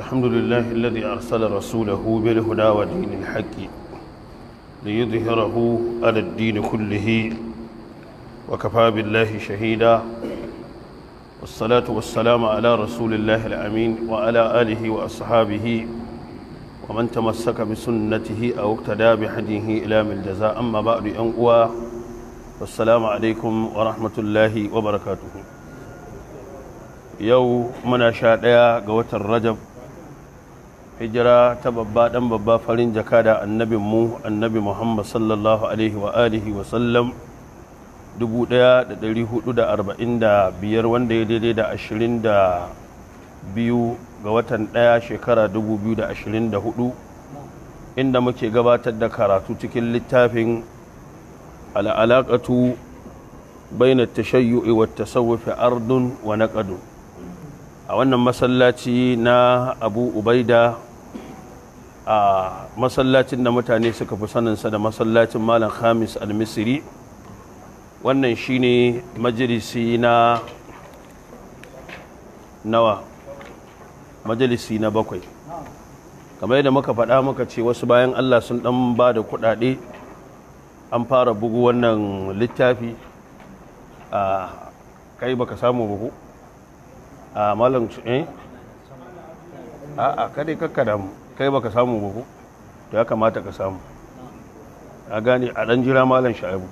الحمد لله الذي أرسل رسوله بالهدى ودين الحق ليظهره على الدين كله وكفى بالله شهيدا والصلاة والسلام على رسول الله الأمين وعلى آله وأصحابه ومن تمسك بسنته أو اقتدى بحديه إلى من الجزاء أما بعد أنقوى والسلام عليكم ورحمة الله وبركاته يوم منا شاء ga watan Rajab hijira ta babba dan babba farin jaka da annabin mu annabi muhammad sallallahu alaihi wa alihi wa sallam 1445 wanda ya daidai da 22 ga watan ɗaya shekara 2024 inda muke gabatar da karatu cikin littafin al'alaƙatu bayan tashayyu'i wa tasawufi ardun wa naƙadun a wannan masallaci na abu ubaida a masallacin da mutane suka fi saninsa da masallacin malam Hamis al-misri wannan shine majalisi na nawa majalisi na bakwai kamar yadda muka faɗa muka ce wasu bayan allah sun ɗan ba da kuɗaɗe an fara bugu wannan littafi a kai baka samu bugu a malam eh a a kare kakkada kai ba ka samu ba ko to ya kamata ka samu a gane a dan jira malam sha'ibu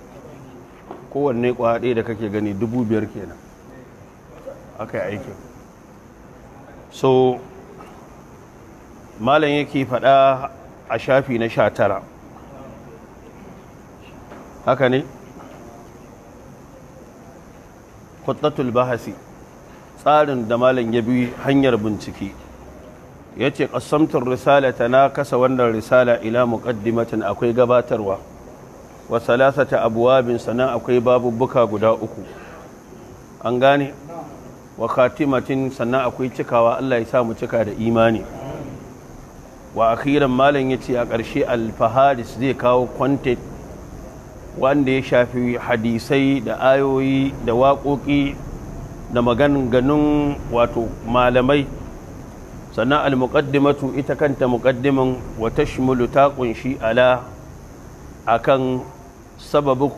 kowanne kwaɗe da kake gani dubu biyar kenan aka yi aikin so malam yake faɗa a shafi na sha tara haka ne kwattatul bahasi tsarin da malam ya bi hanyar bincike ya ce risala ta na kasa wannan risala ila muƙaddimatin akwai gabatarwa wa salasata abuwabin sannan akwai babubbuka guda uku an gane wa katimatin sannan akwai cikawa Allah ya sa mu cika da imani wa akhiran malam ce a ƙarshe alfaharis zai kawo content wanda ya shafi hadisai da ayoyi da waƙoƙi da maganganun wato malamai sannan al-muqaddimatu ita kanta muqaddiman wa tashmulu ta kunshi ala akan sababu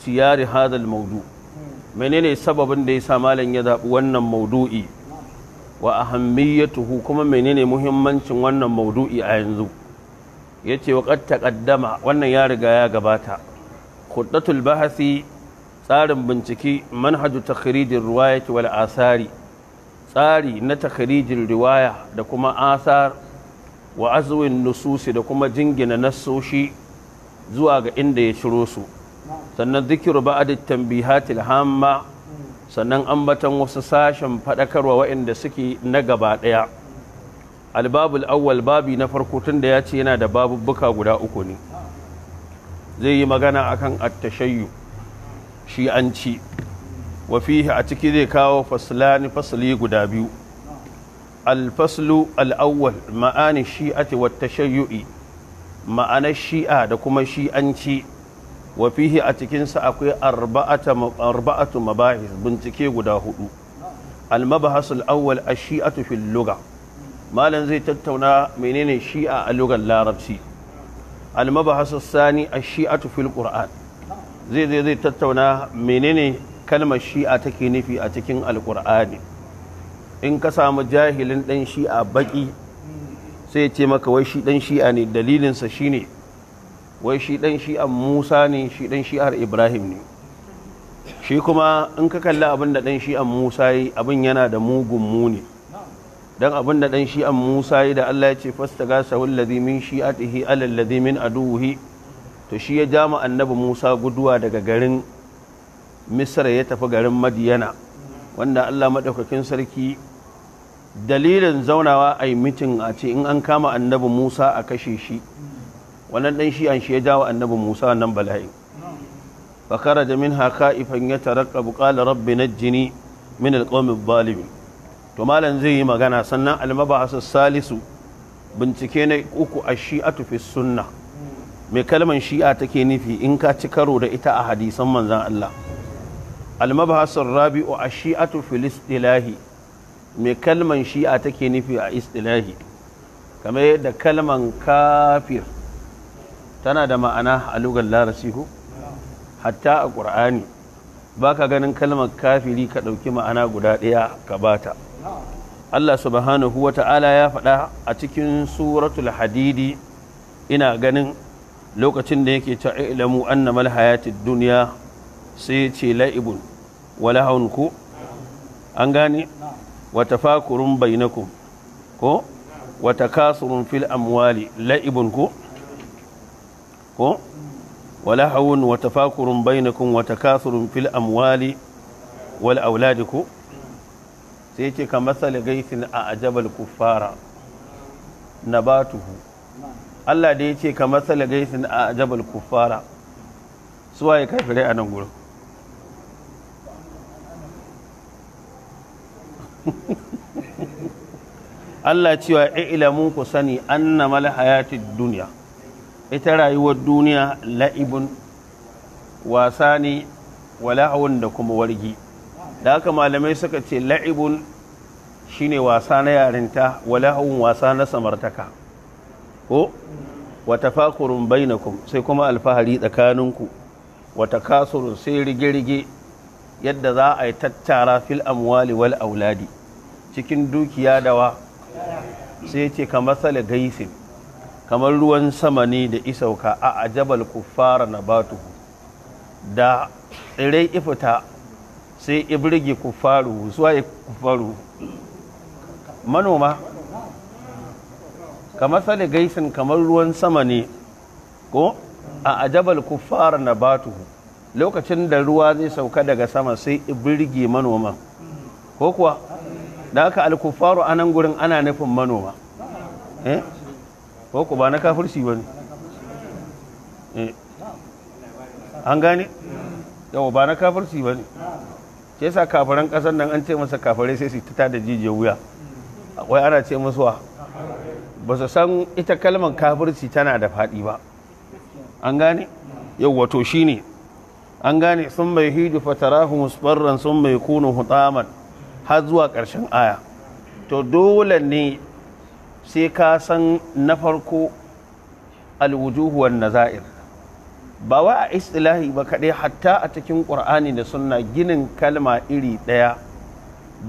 siyari hadal maudu menene sababin da ya sa malam ya zaɓi wannan maudu'i wa ahammiyatuhu kuma menene muhimmancin wannan maudu'i a yanzu yace wa qad taqaddama wannan ya riga ya gabata khuddatul bahasi tsarin bincike manhaju takhrijir riwayati wal asari tsari na takharijin riwaya da kuma asar wa azuwin nususi da kuma jingina nassoshi zuwa ga inda ya ciro su sannan zikiru ba'adit tambihatil hamma sannan ambatan wasu sashen faɗakarwa waɗanda suke na gaba ɗaya albabul awwal babi na farko tun da ya ce yana da babubbuka guda uku ne zai yi magana akan attashayyu shi an ci wafihi a ciki zai kawo faslani fasli guda biyu alfaslu al'awwal ma'ani shi'ati wa tashayyu'i ma'anar shi'a da kuma shi'anci wafihi a cikinsa akwai arba'atu mabahis bincike guda hudu al-mabahas al-awwal ash-shi'atu fil malam zai tattauna menene shi'a a lugar larabci al-mabahas sani a shiatu fil qur'an zai zai tattauna menene kalmar shi'a take nufi a cikin alkur'ani in ka samu jahilin ɗan shi'a baƙi sai ce maka wai shi ɗan shi'a ne dalilinsa shine wai shi ɗan shi'a musa ne shi ɗan shi'ar ibrahim ne shi kuma in ka kalli abin da ɗan shi'an musa yi abin yana da mugun muni don abin da ɗan shi'an musa yi da allah ya ce fasta gasa wallazi min shi'atihi ladhi min aduhi to shi ya jama annabi musa guduwa daga garin misra ya tafi garin madiyana wanda allah maɗaukakin sarki dalilin zaunawa a yi mitin a ce in an kama annabi musa a kashe shi wannan ɗan shi an shi ya jawo annabi musa nan bala'i. fakara da min haka ifan ya taraka buƙala rabbi na jini min alƙawmin balimi to malam zai yi magana sannan hasu salisu bincike na uku a shi a fi sunna mai kalmar shi'a take nufi in ka ci karo da ita a hadisan manzan allah almabhasin rabi'u a shi'atu filistilahi mai kalman shi'a take nufi a istilahi kamar yadda kalman kafir tana da ma'ana a lugar larasi ko hatta a ƙur'ani ba ka ganin kalmar kafiri ka ɗauki ma'ana guda ɗaya ka bata Allah subhanahu wa ta'ala ya faɗa a cikin suratul hadidi ina ganin lokacin da yake ta ilamu annamal hayatid duniya sai ya ce la'ibun wala haunku an gane wata fakurun bainakum ko wata kasurun fil amwali la'ibun ko ko wala haun wata fakurun bainakum wata kasurun fil amwali wal auladiku sai ce ka matsala gaisin a ajabal kuffara nabatuhu Allah da ya ce ka matsala gaisin a ajabal kuffara suwaye kafirai a nan gurin Allah cewa ilamu ku sani annamal hayatid duniya ita rayuwar duniya la'ibun wasa ne wala'awun da kuma wargi da haka malamai suka ce la'ibun shine wasa na yarinta wala'awun wasa na samartaka ko wa tafakurun bainakum sai kuma alfahari tsakaninku wata takasurun sai rige-rige yadda za a yi tattara fil amwali wal auladi cikin dukiya dawa sai ce ka matsala gaisin kamar ruwan sama ne da isauka a ajabal fara na batuhu da tsirai ifita sai ibirge kuffaru zuwa ya faru? manoma ka matsala gaisin kamar ruwan sama ne ko a ajabal fara na batuhu lokacin da ruwa zai sauka daga sama sai ibirgi manoma ko kuwa da aka alkufaru a nan gurin ana nufin manoma eh ba na kafirci ba ne eh. an gane yau ba na kafirci ba ne ke sa kafiran kasar nan an ce masa kafare sai su ta da jijiyar wuya akwai ana ce musu wa ba su san ita kalmar kafirci tana da faɗi ba an gane yau wato shi ne an gane sun mai hidu fatarahu musbarran sun mai kunu hutaman har zuwa ƙarshen aya to dole ne sai ka san na farko alwujuhuwar naza'ir ba wa a istilahi ba kaɗai hatta a cikin ƙur'ani da sunna ginin kalma iri ɗaya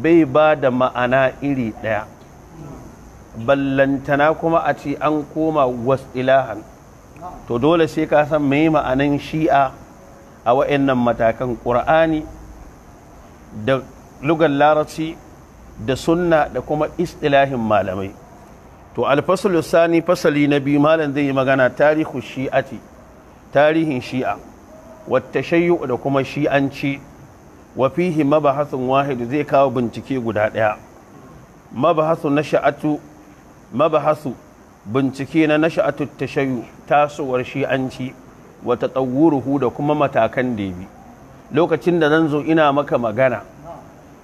bai ba da ma'ana iri ɗaya ballantana kuma a ce an koma ilahan to dole sai ka san mai ma'anan shi'a a wa'annan matakan ƙur'ani da lugar larabci da sunna da kuma istilahin malamai to alfasul sani fasali na biyu malam zai yi magana tarihu shi'ati tarihin shi'a wata shayyu da kuma shi'anci wafihi fihi mabahasun wahidu zai kawo bincike guda ɗaya mabahasu na sha'atu mabahasu bincike na ta shayyu tasowar shi'anci wata tsawuruhu da kuma matakan da bi lokacin da zan zo ina maka magana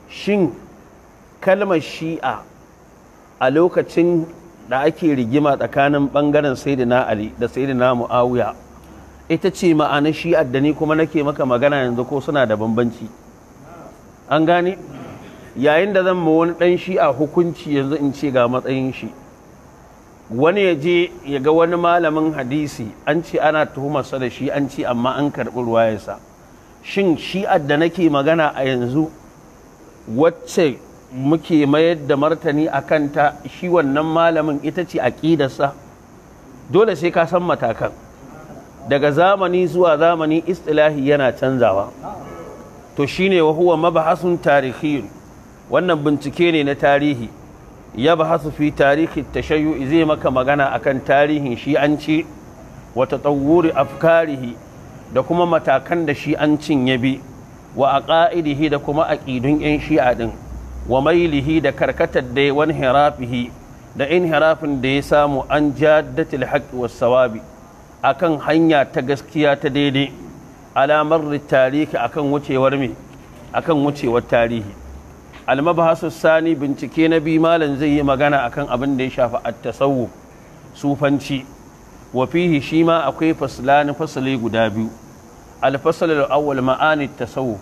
shin kalmar shi'a a lokacin da ake rigima tsakanin ɓangaren saidina ali da saidina mu'awiya ita ce ma'ana shi'ar da ni kuma nake maka magana yanzu ko suna da bambanci an gane yayin da zan ma wani ɗan shi'a hukunci yanzu in ce ga matsayin shi wani ya je ya ga wani malamin hadisi an ce ana tuhumarsa da shi an ce amma an karɓi ruwayarsa shin shi'ar da nake magana a yanzu wacce muke mayar da martani a kanta shi wannan malamin ita ce aƙidarsa dole sai ka san matakan daga zamani zuwa zamani istilahi yana canzawa to shine wa huwa mabahasun tarihi wannan bincike ne na tarihi ya bahasu fi tarihi shayu zai maka magana akan tarihin shi an ce wata tsawuri afkarihi da kuma matakan da shi an cin ya bi wa a ƙa'idihi da kuma ƙidun yan shi'a din wa mailihi da karkatar da wani harafihi da inhirafin da ya samu an jaddatil haqqi wa sawabi kan hanya ta gaskiya ta daidai alamar tarihi akan wucewar me kan wucewar tarihi almabahasu sani bincike na biyu malam zai yi magana a kan abin da ya shafi attasawu sufanci wa fihi shi ma akwai faslani fasali guda biyu alfasalul awal ma'ani tasawuf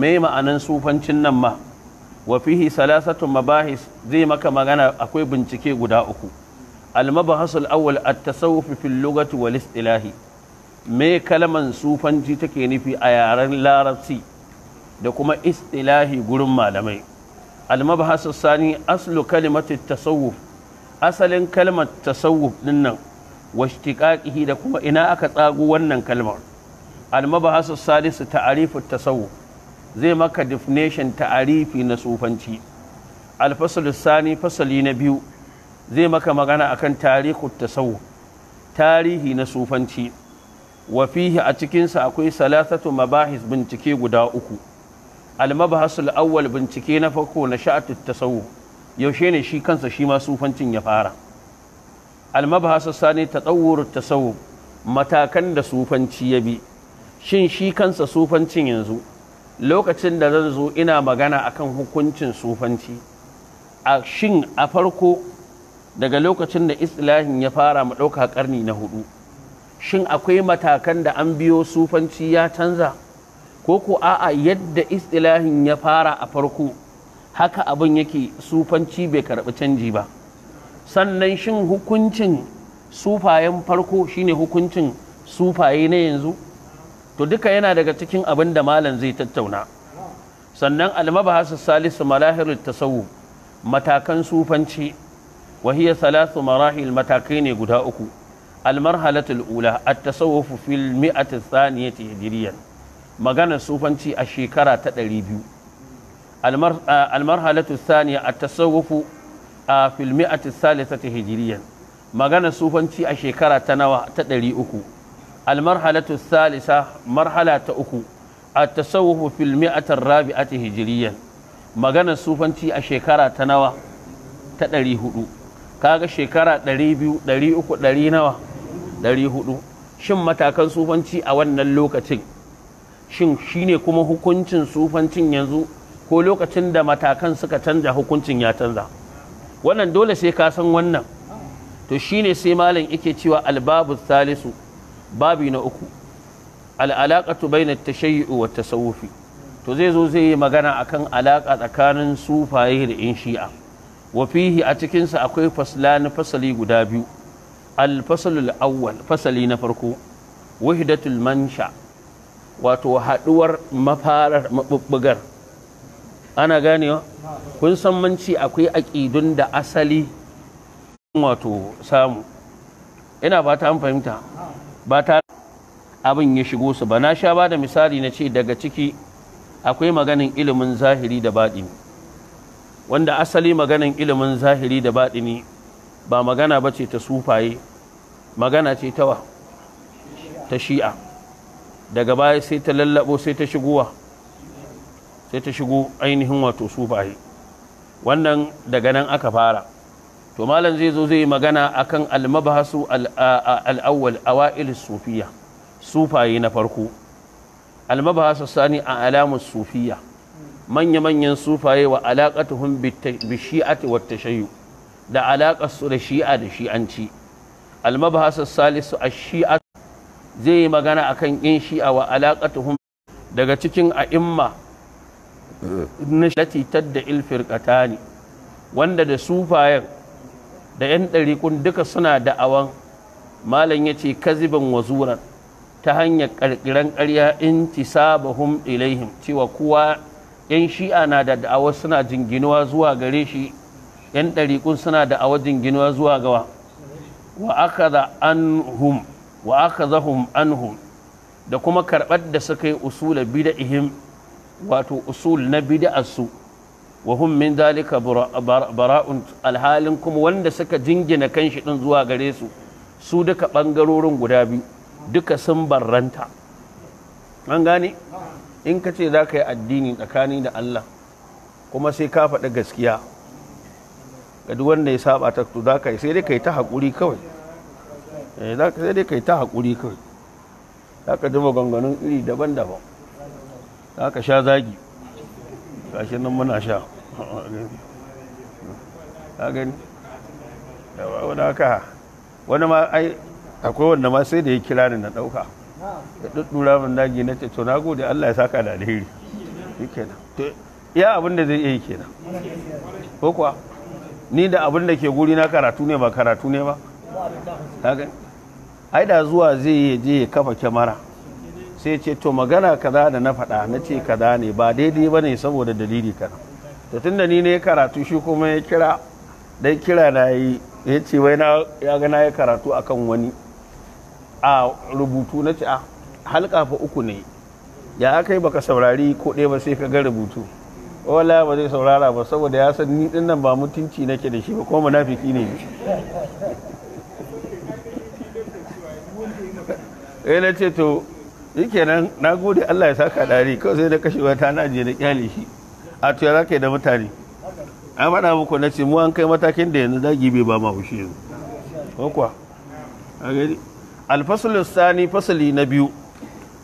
mai ma'anan sufancin nan ma wa fihi salasatu mabahis zai maka magana akwai bincike guda uku almabahasul awwal at-tasawuf fil lughati wal istilahi me kalaman sufanci take nufi a yaren larabci da kuma istilahi gurin malamai almabahasul sani aslu kalimatu tasawuf asalin kalmar tasawuf dinnan wa da kuma ina aka tsago wannan kalmar almabahasu salisu ta'arifu tasawu zai maka definition ta'arifi na sufanci alfasul sani fasali na biyu zai maka magana akan tarihu tasawu tarihi na sufanci wa fihi a cikinsa akwai salasatu mabahis bincike guda uku almabahasul awwal bincike na farko na sha'atu tasawu yaushe ne shi kansa shi ma sufancin ya fara almabahasul sani ta tatawwur tasawu matakan da sufanci ya bi shin shi kansa sufancin yanzu lokacin da zan zo ina magana akan hukuncin sufanci a shin a farko daga lokacin da istilahin ya fara mu ɗauka ƙarni na hudu shin akwai matakan da an biyo sufanci ya canza ko ko a'a yadda istilahin ya fara a farko haka abin yake sufanci bai karɓi canji ba sannan shin hukuncin sufayen farko shine hukuncin sufaye na yanzu to duka yana daga cikin abin da malam zai tattauna sannan almaba hasu salisu marahilu tasawu matakan sufanci wahiyar salatu marahil matakai ne guda uku almarhalatul ula at tasawufu fil mi'ati tsaniyati hijiriyan magana sufanci a shekara ta ɗari biyu almarhalatul tsaniya at tasawufu a fil mi'ati tsaniyati hijiriyan magana sufanci a shekara ta ɗari uku almarhalatu salisa marhala ta uku a tasawufu fil mi'atar rabi'ati hijiriyan maganar sufanci a shekara ta nawa ta ɗari hudu kaga shekara ɗari biyu ɗari uku ɗari nawa ɗari hudu shin matakan sufanci a wannan lokacin shin shine kuma hukuncin sufancin yanzu ko lokacin da matakan suka canza hukuncin ya canza wannan dole sai ka san wannan to shine sai malam yake cewa albabu salisu babi na uku al'alaƙatu ta shayi'u wa sawufi to zai zo zai yi magana a kan alaƙa tsakanin sufaye da in shi'a wa fihi a cikinsa akwai na fasali guda biyu alfasalul awal fasali na farko wahidatul mansha wato haɗuwar mafarar maɓuɓɓugar ana ganewa kun san manci akwai aƙidun da asali wato samu ina ba ta an fahimta ba ta abin ya shigo su ba na sha ba da misali na ce daga ciki akwai maganin ilimin zahiri da baɗini wanda asali maganin ilimin zahiri da baɗini ba magana ba ce ta sufaye magana ce ta wa ta shi'a daga baya sai ta lallabo sai ta shigowa sai ta shigo ainihin wato sufaye wannan daga nan aka fara to malam zai zo zai magana akan al al'awwal awa'il sufiya sufaye na farko almabahasu sani a alamun sufiya manya-manyan sufaye wa bi shi'ati wa tashayyu da alaƙarsu da shi'a da shi'anci almabahasu salisu a shi'a zai yi magana akan in shi'a wa alaqatuhum daga cikin a'imma na shatittar da ilfirƙata ne wanda da sufayen da 'yan ɗariƙun duka suna awan malam ya ce kazibin wazuran ta hanyar ƙarƙiran ƙarya in tisabahum ilaihim cewa kowa 'yan shi'a na da da'awa suna jinginuwa zuwa gare shi 'yan ɗariƙun suna awa jinginuwa zuwa gawa wa aka za hum wa aka an hum da kuma karɓar da suka yi bida wato usul na bida'arsu su wa hum min dalika bara'un alhalin kuma wanda suka jingina kanshi din zuwa gare su su duka bangarorin guda biyu duka sun barranta an gane in ka ce za ka yi addini tsakani da Allah kuma sai ka faɗi gaskiya ga duk wanda ya saba ta to za ka yi sai dai ka yi ta haƙuri kawai sai dai ka yi ta haƙuri kawai za ka jima maganganun iri daban-daban za ka sha zagi gashi nan muna sha a gani wani haka wani ma ai akwai wanda ma sai da ya kira ni na ɗauka ya ɗuɗɗura min nagi na ce to na gode Allah ya saka da alheri shi kenan to iya abin da zai iya yi kenan ko kuwa ni da abin da ke guri na karatu ne ba karatu ne ba ai da zuwa zai yi je ya kafa kyamara sai ce to magana kaza da na faɗa na ce kaza ne ba daidai ba ne saboda dalili kaza da tunda da ni ne karatu shi kuma ya kira dai kira na yi ya ce wai na ya gana ya karatu akan wani a rubutu na ce a ah, halka fa uku ne ya aka baka saurari ko ɗaya ba sai ka ga rubutu oh, wala ba zai saurara ba saboda ya san ni dinnan ba mutunci nake da shi ba ko munafiki ne eh na ce to yake nan na gode Allah ya saka dari kawai sai na kashe wata na je na kyale shi a to ke da mutane a faɗa muku na ce mu an kai matakin da yanzu zagi bai ba ma hushe yanzu ko kuwa a sani fasali na biyu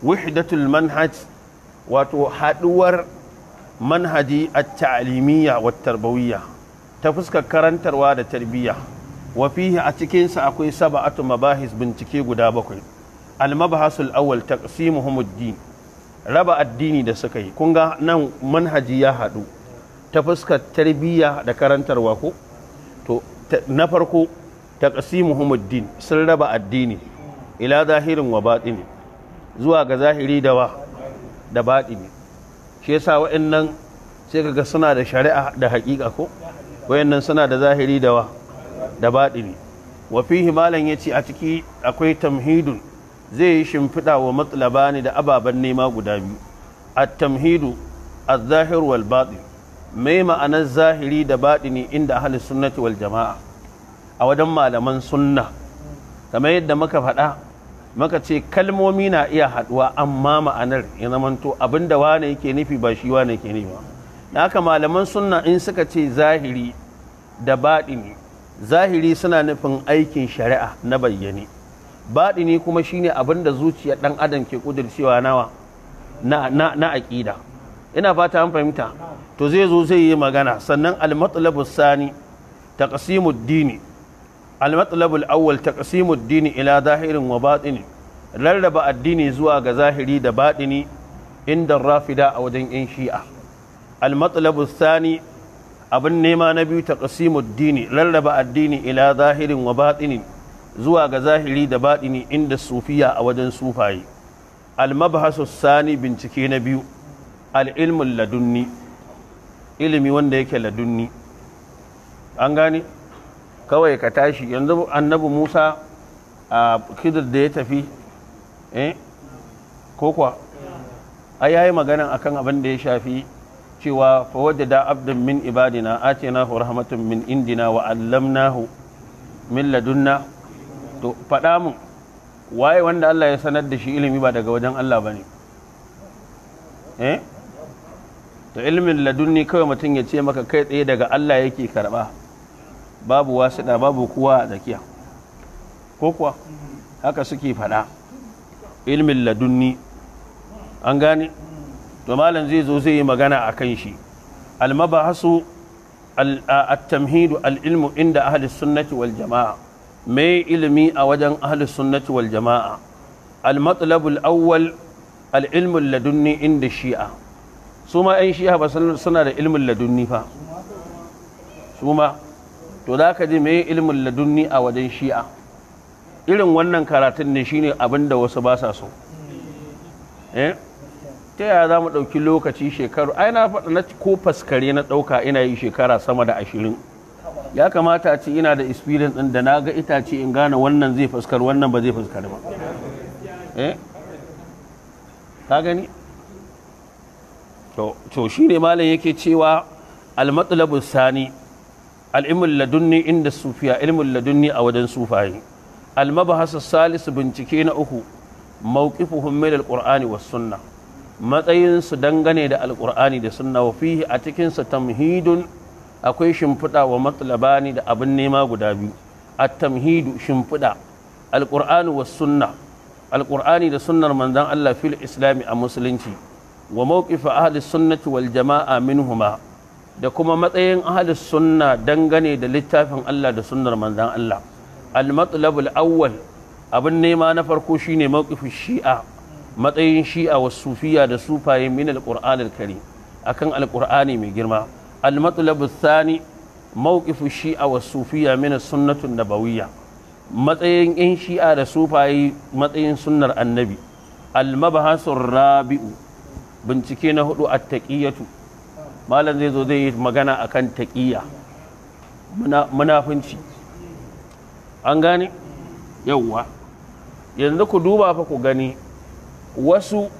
wahdatul manhaj wato haduwar manhaji a ta'alimiyya wa tarbawiyya ta fuskar karantarwa da tarbiyya wa fihi a cikinsa akwai saba'atu mabahis bincike guda bakwai al mabhasul awwal taqsimuhum ad-din raba addini da suka yi kun ga nan manhaji ya haɗu ta fuskar tarbiyya da karantarwa ko to na farko ta ƙasi muhammadin sun raba addini ila zahirin wa batini zuwa ga zahiri da wa da batini shi yasa wa'annan sai kaga suna da shari'a da haƙiƙa ko wayannan suna da zahiri da wa da batini wa fihi malan yace a ciki akwai tamhidun zai yi shimfiɗa wa matsalaba ne da ababen nema guda biyu a tamhidu a zahir wal mai ma'anar zahiri da baɗi ne inda ahlus sunnati wal jama'a a wajen malaman sunna kamar yadda maka faɗa maka ce kalmomi na iya haɗuwa amma ma'anar ya zamanto abinda wane yake nufi ba shi wane yake nufi da malaman sunna in suka ce zahiri da baɗi ne zahiri suna nufin aikin shari'a na bayyane baɗini kuma shine abin da zuciyar ɗan adam ke ƙudurcewa nawa na aƙida ina fata an fahimta to zai zo zai yi magana sannan almatsalabul sani taqsimud dini almatsalabul matlabu awwal dini ila zahirin wa ne rarraba addini zuwa ga zahiri da baɗini inda rafida a wajen yan shi'a almatsalabul sani abin nema na biyu taqsimud dini rarraba addini ila zahirin wa ne. zuwa ga zahiri da baɗi baɗini inda sufiya a wajen sufaye almabhasu sani bincike na biyu al'ilmin ladunni ilimi wanda yake ladunni an gane kawai ka tashi yanzu annabi musa a kidir da ya tafi eh ko kuwa a yayi magana akan abin da ya shafi cewa fawadda da min ibadina atina rahmatun min indina wa allamnahu min ladunna to faɗa mun waye wanda Allah ya sanar da shi ilimi ba daga wajen Allah ba ne eh to ilimin ladunni kawai mutum ya ce maka kai tsaye daga Allah yake karɓa babu wasiɗa babu kuwa a tsakiya ko kuwa haka suke faɗa ilimin ladunni an gane to malam zai zo zai yi magana a kan shi almabahasu at-tamhidu al-ilmu inda ahli sunnati wal jama'a mai ilimi a wajen ahlus sunnati wal jama'a al-matlabul awwal al-ilmul ladunni inda shi'a su ma 'yan shi'a ba suna da ilmul ladunni fa su ma to za ka ji mai ilmin ladunni a wajen shi'a irin wannan karatun ne shine abin da wasu ba sa so eh ta yaya za mu ɗauki lokaci shekaru ai na faɗa na ko faskare na ɗauka ina yi shekara sama da ashirin ya kamata a ce ina da experience ɗin da na ga itace in gane wannan zai fuskar wannan ba zai fuskar ba eh ka gani to shi ne malam yake cewa al sani al’imul ladunni inda sufiya ilmul ladunni a wajen sufaye al salisu salisu bincike na uku mawqifuhum min da was sunna matsayin su dangane da al da sunna wa fihi a cikin sa tamhidun akwai shimfiɗa wa matsalabani da abin nema guda biyu at-tamhidu shimfiɗa alƙur'ani wa sunna alƙur'ani da sunnar manzon Allah fil islami a musulunci wa mawqif ahli sunnati wal jama'a minhuma da kuma matsayin ahli sunna dangane da littafin Allah da sunnar manzon Allah al-matlab awwal abin nema na farko shine mawqif shi'a matsayin shi'a wa sufiya da sufaye min al karim akan al'ƙur'ani mai girma المطلب الثاني موقف الشيعة والصوفية من السنة النبوية متين إن شيعة الصوفية متين سنة النبي المبحث الرابع bincike na hudu a taƙiyatu malam zai zo zai yi magana a kan taƙiya munafunci an gane yauwa yanzu ku duba fa ku gani wasu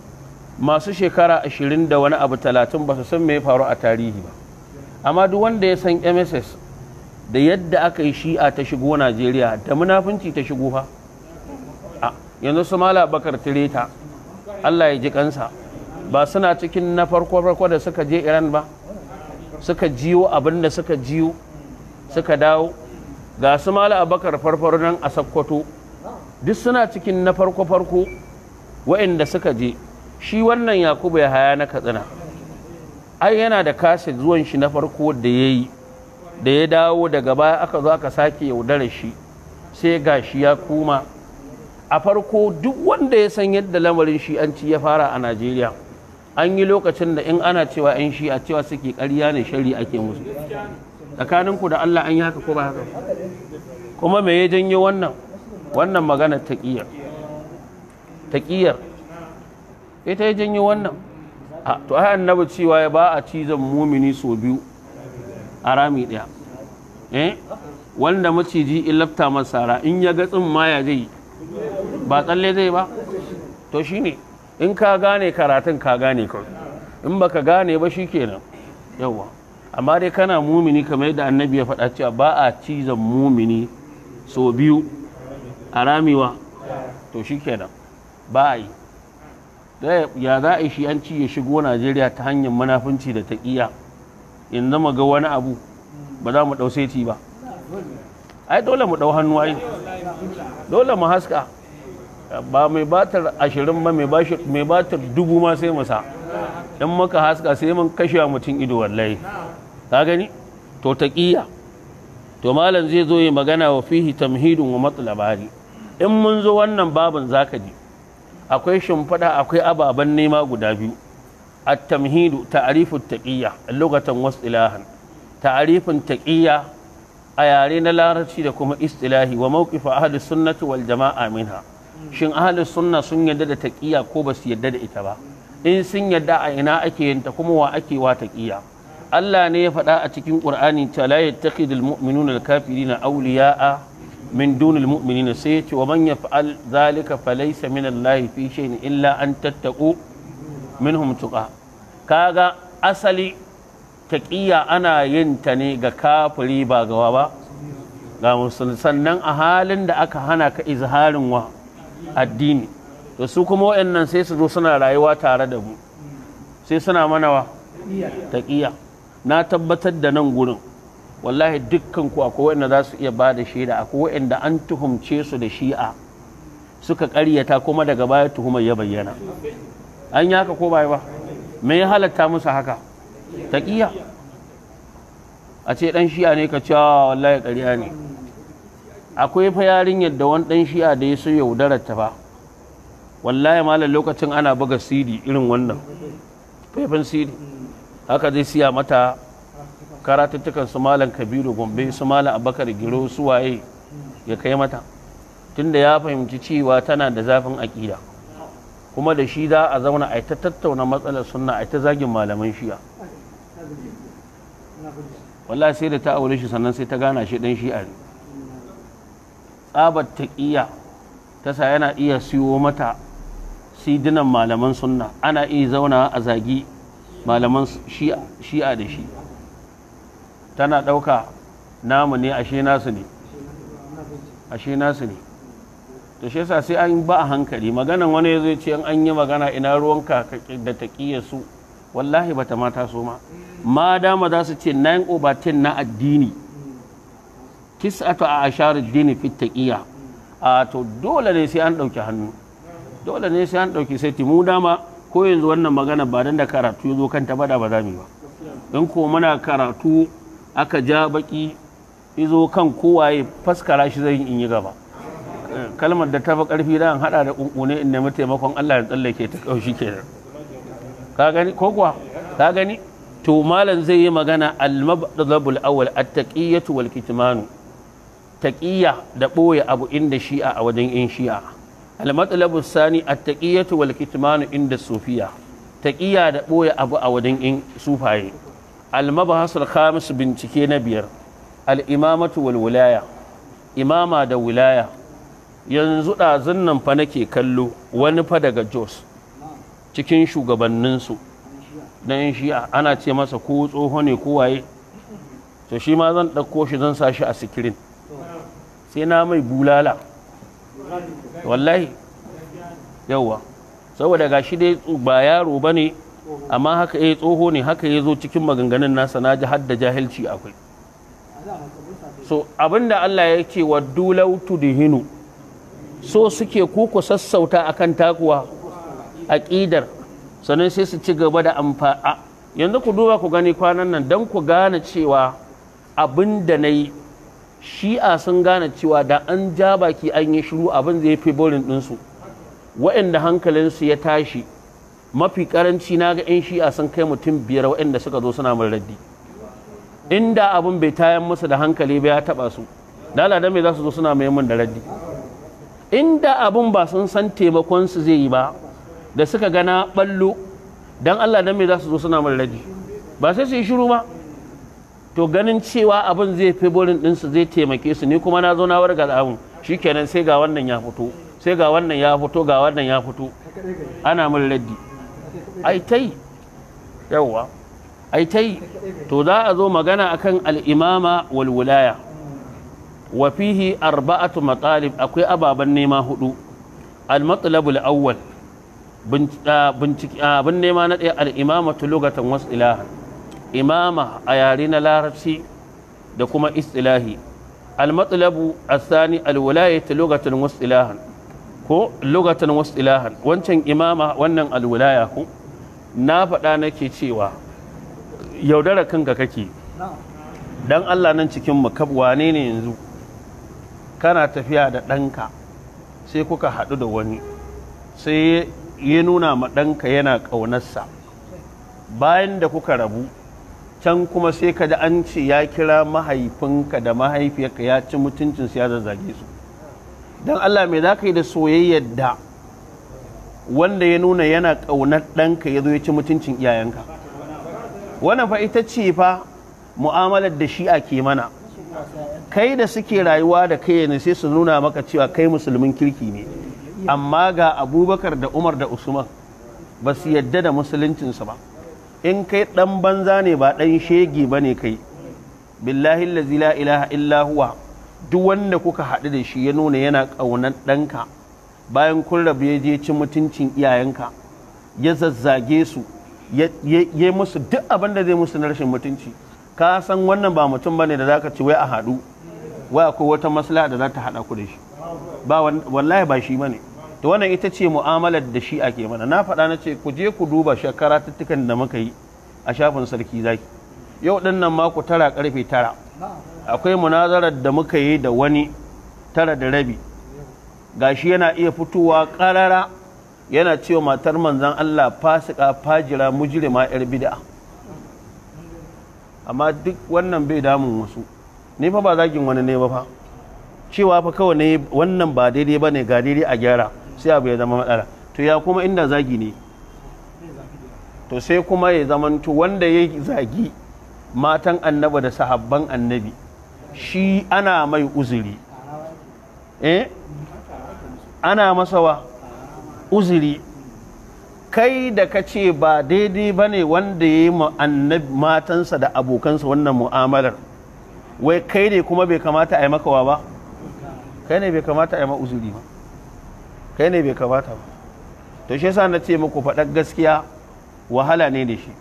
masu shekara ashirin da wani abu talatin ba su san me ya faru a tarihi ba amma duk wanda ya san mss da yadda aka yi shi'a ta shigo najeriya da munafunci ta shigo fa yanzu su mala bakar tireta allah ya ji kansa ba suna cikin na farko farko da suka je iran ba suka jiyo abin da suka jiyo suka dawo ga su mala bakar farfaro nan a sakkwato duk suna cikin na farko farko wa'inda suka je shi wannan yakubu ya haya na katsina ai yana da kashe zuwan shi na farko da ya yi da ya dawo daga baya aka zo aka sake yaudare shi sai ga shi ya koma a farko duk wanda ya san yadda lamarin shi an ci ya fara a najeriya an yi lokacin da in ana cewa yan shi a cewa suke karya ne shari ake musu tsakaninku da allah an yi haka ko ba haka kuma me ya janyo wannan wannan magana taƙiyar ƙiyar ita ya janyo wannan to ai annabi cewa ya ba a cizon mumini so biyu a rami ɗaya eh wanda maciji in lafta masara in ya ga ma ya zai ba tsalle zai ba to shine in ka gane karatun ka gane kawai in baka gane ba shikenan yawa amma dai kana mumini kamar yadda annabi ya faɗa cewa ba a cizon mumini so biyu a ramiwa to shikenan ba a yi ya za a yi shi an ci ya shigo najeriya ta hanyar munafunci da taƙiya in zama ga wani abu ba za mu ɗau saiti ba ai dole mu ɗau hannu ai dole mu haska ba mai batar ashirin ba mai batar dubu ma sai mu sa in maka haska sai mun kashe wa mutum ido wallahi ka gani to taƙiya to malam zai zo yi magana wa fihi tamhidun wa matsalabari in mun zo wannan babin zaka ji akwai shimfiɗa akwai ababen nema guda biyu at-tamhidu ta'rifut taqiyya lugatan ilahan ta'rifin taqiyya a yare na larabci da kuma istilahi wa mawqifu ahlus sunnati wal jama'a minha shin ahlus sunna sun yadda da taqiyya ko ba su yadda da ita ba in sun yadda a ina ake yin ta kuma wa ake wa taqiyya Allah ne ya faɗa a cikin Qur'ani ta la yattaqidul mu'minuna al-kafirina awliya'a min dunil mu'minina sai ya ce wa man yaf'al zalika falaysa min Allah fi shay'in illa an tattaqu minhum tuqa kaga asali taƙiya ana yin ta ne ga kafuri ba gawa ba ga musulmi sannan a halin da aka hana ka izharin addini to su kuma wayannan sai su zo suna rayuwa tare da mu sai suna mana wa taƙiya na tabbatar da nan gurin wallahi dukkan ku akwai wanda za su iya bada shaida akwai wanda an tuhumce su da shi'a suka karyata kuma daga baya tuhumar ya bayyana an yi haka ko ba ba me ya halatta musu haka taqiya a ce dan shi'a ne ka cewa ah, wallahi ƙarya ne akwai fa yarinyar da wani dan shi'a da ya so yaudarar ta fa wallahi malam lokacin ana buga sidi irin wannan faifan sidi haka zai siya mata karatuttukan su malam kabiru gombe su malam abakar giro su waye ya kai mata tunda ya fahimci cewa tana da zafin aƙida kuma da shi za a zauna a ta tattauna matsalar sunna a ta zagin malaman shi'a wallahi sai da ta aure shi sannan sai ta gana shi dan shi'a ne tsabar taqiya ta sa yana iya siyo mata sidinan malaman sunna ana iya zauna a zagi malaman shi'a da shi tana ɗauka namu ne ashe nasu ne ashe nasu ne to shi yasa sai an ba a hankali maganan wani zai ce an yi magana ina ruwanka da taƙiyar su wallahi bata mata so ma ma dama za su ce na over 10 na addini tis'atu a asharar dini fit ƙiya a to dole ne sai an ɗauki hannu dole ne sai an ɗauki sai mu dama ko yanzu wannan magana ba dan da karatu ya zo kanta ba da ba za mu yi ba in ko muna karatu aka ja baki izo kan kowaye faskara shi zai in yi gaba kalmar da ta fi ƙarfi da an haɗa da ƙunƙune in nemi taimakon Allah ya tsallake ta ƙaushi nan ka gani ko kuwa ka gani to malam zai yi magana al-mabdadabul awwal at-taqiyatu wal kitmanu taqiyya da ɓoye abu inda shi'a a wajen in shi'a al-matlabu sani at-taqiyatu wal kitmanu inda sufiya taqiyya da ɓoye abu a wajen in sufaye almabahasul khamis bincike na biyar al'imamatu wal wilaya imama da wilaya yanzu ɗazun nan fa nake kallo wani fa daga jos cikin shugabanninsu na shi ana ce masa ko tsoho ne ko waye to shi ma zan ɗauko shi zan sa shi a sikirin sai na mai bulala wallahi yauwa saboda ga shi dai ba yaro ba ne amma haka ya eh, tsoho ne haka ya zo cikin maganganun nasa na ji har da jahilci akwai so abinda Allah ya ce wa dulau hinu so suke kuku sassauta akan takuwa aƙidar sannan sai su ci gaba da amfa yanzu ku duba ku gani kwanan nan don ku gane cewa abin da na yi shi'a sun gane cewa da an ja baki an yi shiru abin zai fi borin ɗinsu waɗanda hankalinsu ya tashi mafi karanci na ga 'yan shi'a sun kai mutum biyar waɗanda suka zo suna mun raddi inda abin bai tayan musu da hankali ba ya taɓa su dala da me za su zo suna mai mun da raddi inda abin ba sun san taimakon su zai yi ba da suka gana ballo dan Allah da me za su zo suna mun raddi ba sai su yi shiru ba to ganin cewa abin zai fi burin ɗinsu zai taimake su ni kuma na zo na warga abin shikenan sai ga wannan ya fito sai ga wannan ya fito ga wannan ya fito ana mun raddi ai ta yi yawwa ai ta yi to za a zo magana akan al'imama walwulaya wa fihi arba'atu matsalib akwai ababen nema hudu al-matsalabul awwal abin nema na ɗaya al'imamatu lugatan wasu ilaha imama a yare na larabci da kuma istilahi al-matsalabu asani al-wulayatu lugatan wasu ilahan ko lugatan wasu ilahan wancan imama wannan al-wulaya ko na faɗa nake cewa yaudara kanka kake dan Allah nan cikin makab wane ne yanzu kana tafiya da ɗanka sai kuka haɗu da wani sai ya nuna ma ɗanka yana ƙaunarsa bayan da kuka rabu can kuma sai ka ji an ce ya kira mahaifinka da mahaifiyarka ya ci mutuncin ya zazzage su don Allah mai za ka yi da soyayyar da wanda ya nuna yana ƙaunar ɗanka ya zo ya ci mutuncin iyayenka wannan fa ita ce fa mu'amalar da shi'a ke mana kai da suke rayuwa da kai ne sai su nuna maka cewa kai musulmin kirki ne amma ga abubakar da umar da usman ba su yadda da musuluncinsu ba in kai ɗan banza ne ba ɗan shege ba ne kai billahi la ilaha illa huwa duk wanda kuka haɗu da shi ya nuna yana ƙaunar ɗanka bayan kun rabu ya je ci mutuncin iyayenka ya zazzage su ya musu duk abin da zai musu na rashin mutunci ka san wannan ba mutum bane da zaka ci wai a haɗu wai akwai wata maslaha da za ta haɗa ku da shi ba wallahi ba shi bane to wannan ita ce mu'amalar da shi ake mana na faɗa na ce ku je ku duba shekara tattukan da muka yi a shafin sarki zaki yau ɗin nan mako tara karfe tara akwai munazarar da muka yi da wani tara da rabi gashi yana iya fitowa karara yana cewa matar manzan Allah fasika fajira mujrima yar bid'a amma duk wannan bai damun wasu ne fa ba zagin wani ne ba fa cewa fa kawai ne wannan ba daidai ba ne ga daidai a gyara sai abu ya zama matsala to ya kuma inda zagi ne to sai kuma ya zamanto wanda ya zagi matan annaba da sahabban annabi shi ana mai uzuri eh ana masa wa uzuri kai da ka ce ba daidai ba ne wanda ya yi matansa da abokansa wannan mu'amalar wai kai ne kuma bai kamata a yi makawa ba kai ne bai kamata a yi ma'uzuri ba kai ne bai kamata ba to shi yasa na ce muku faɗar gaskiya wahala ne da shi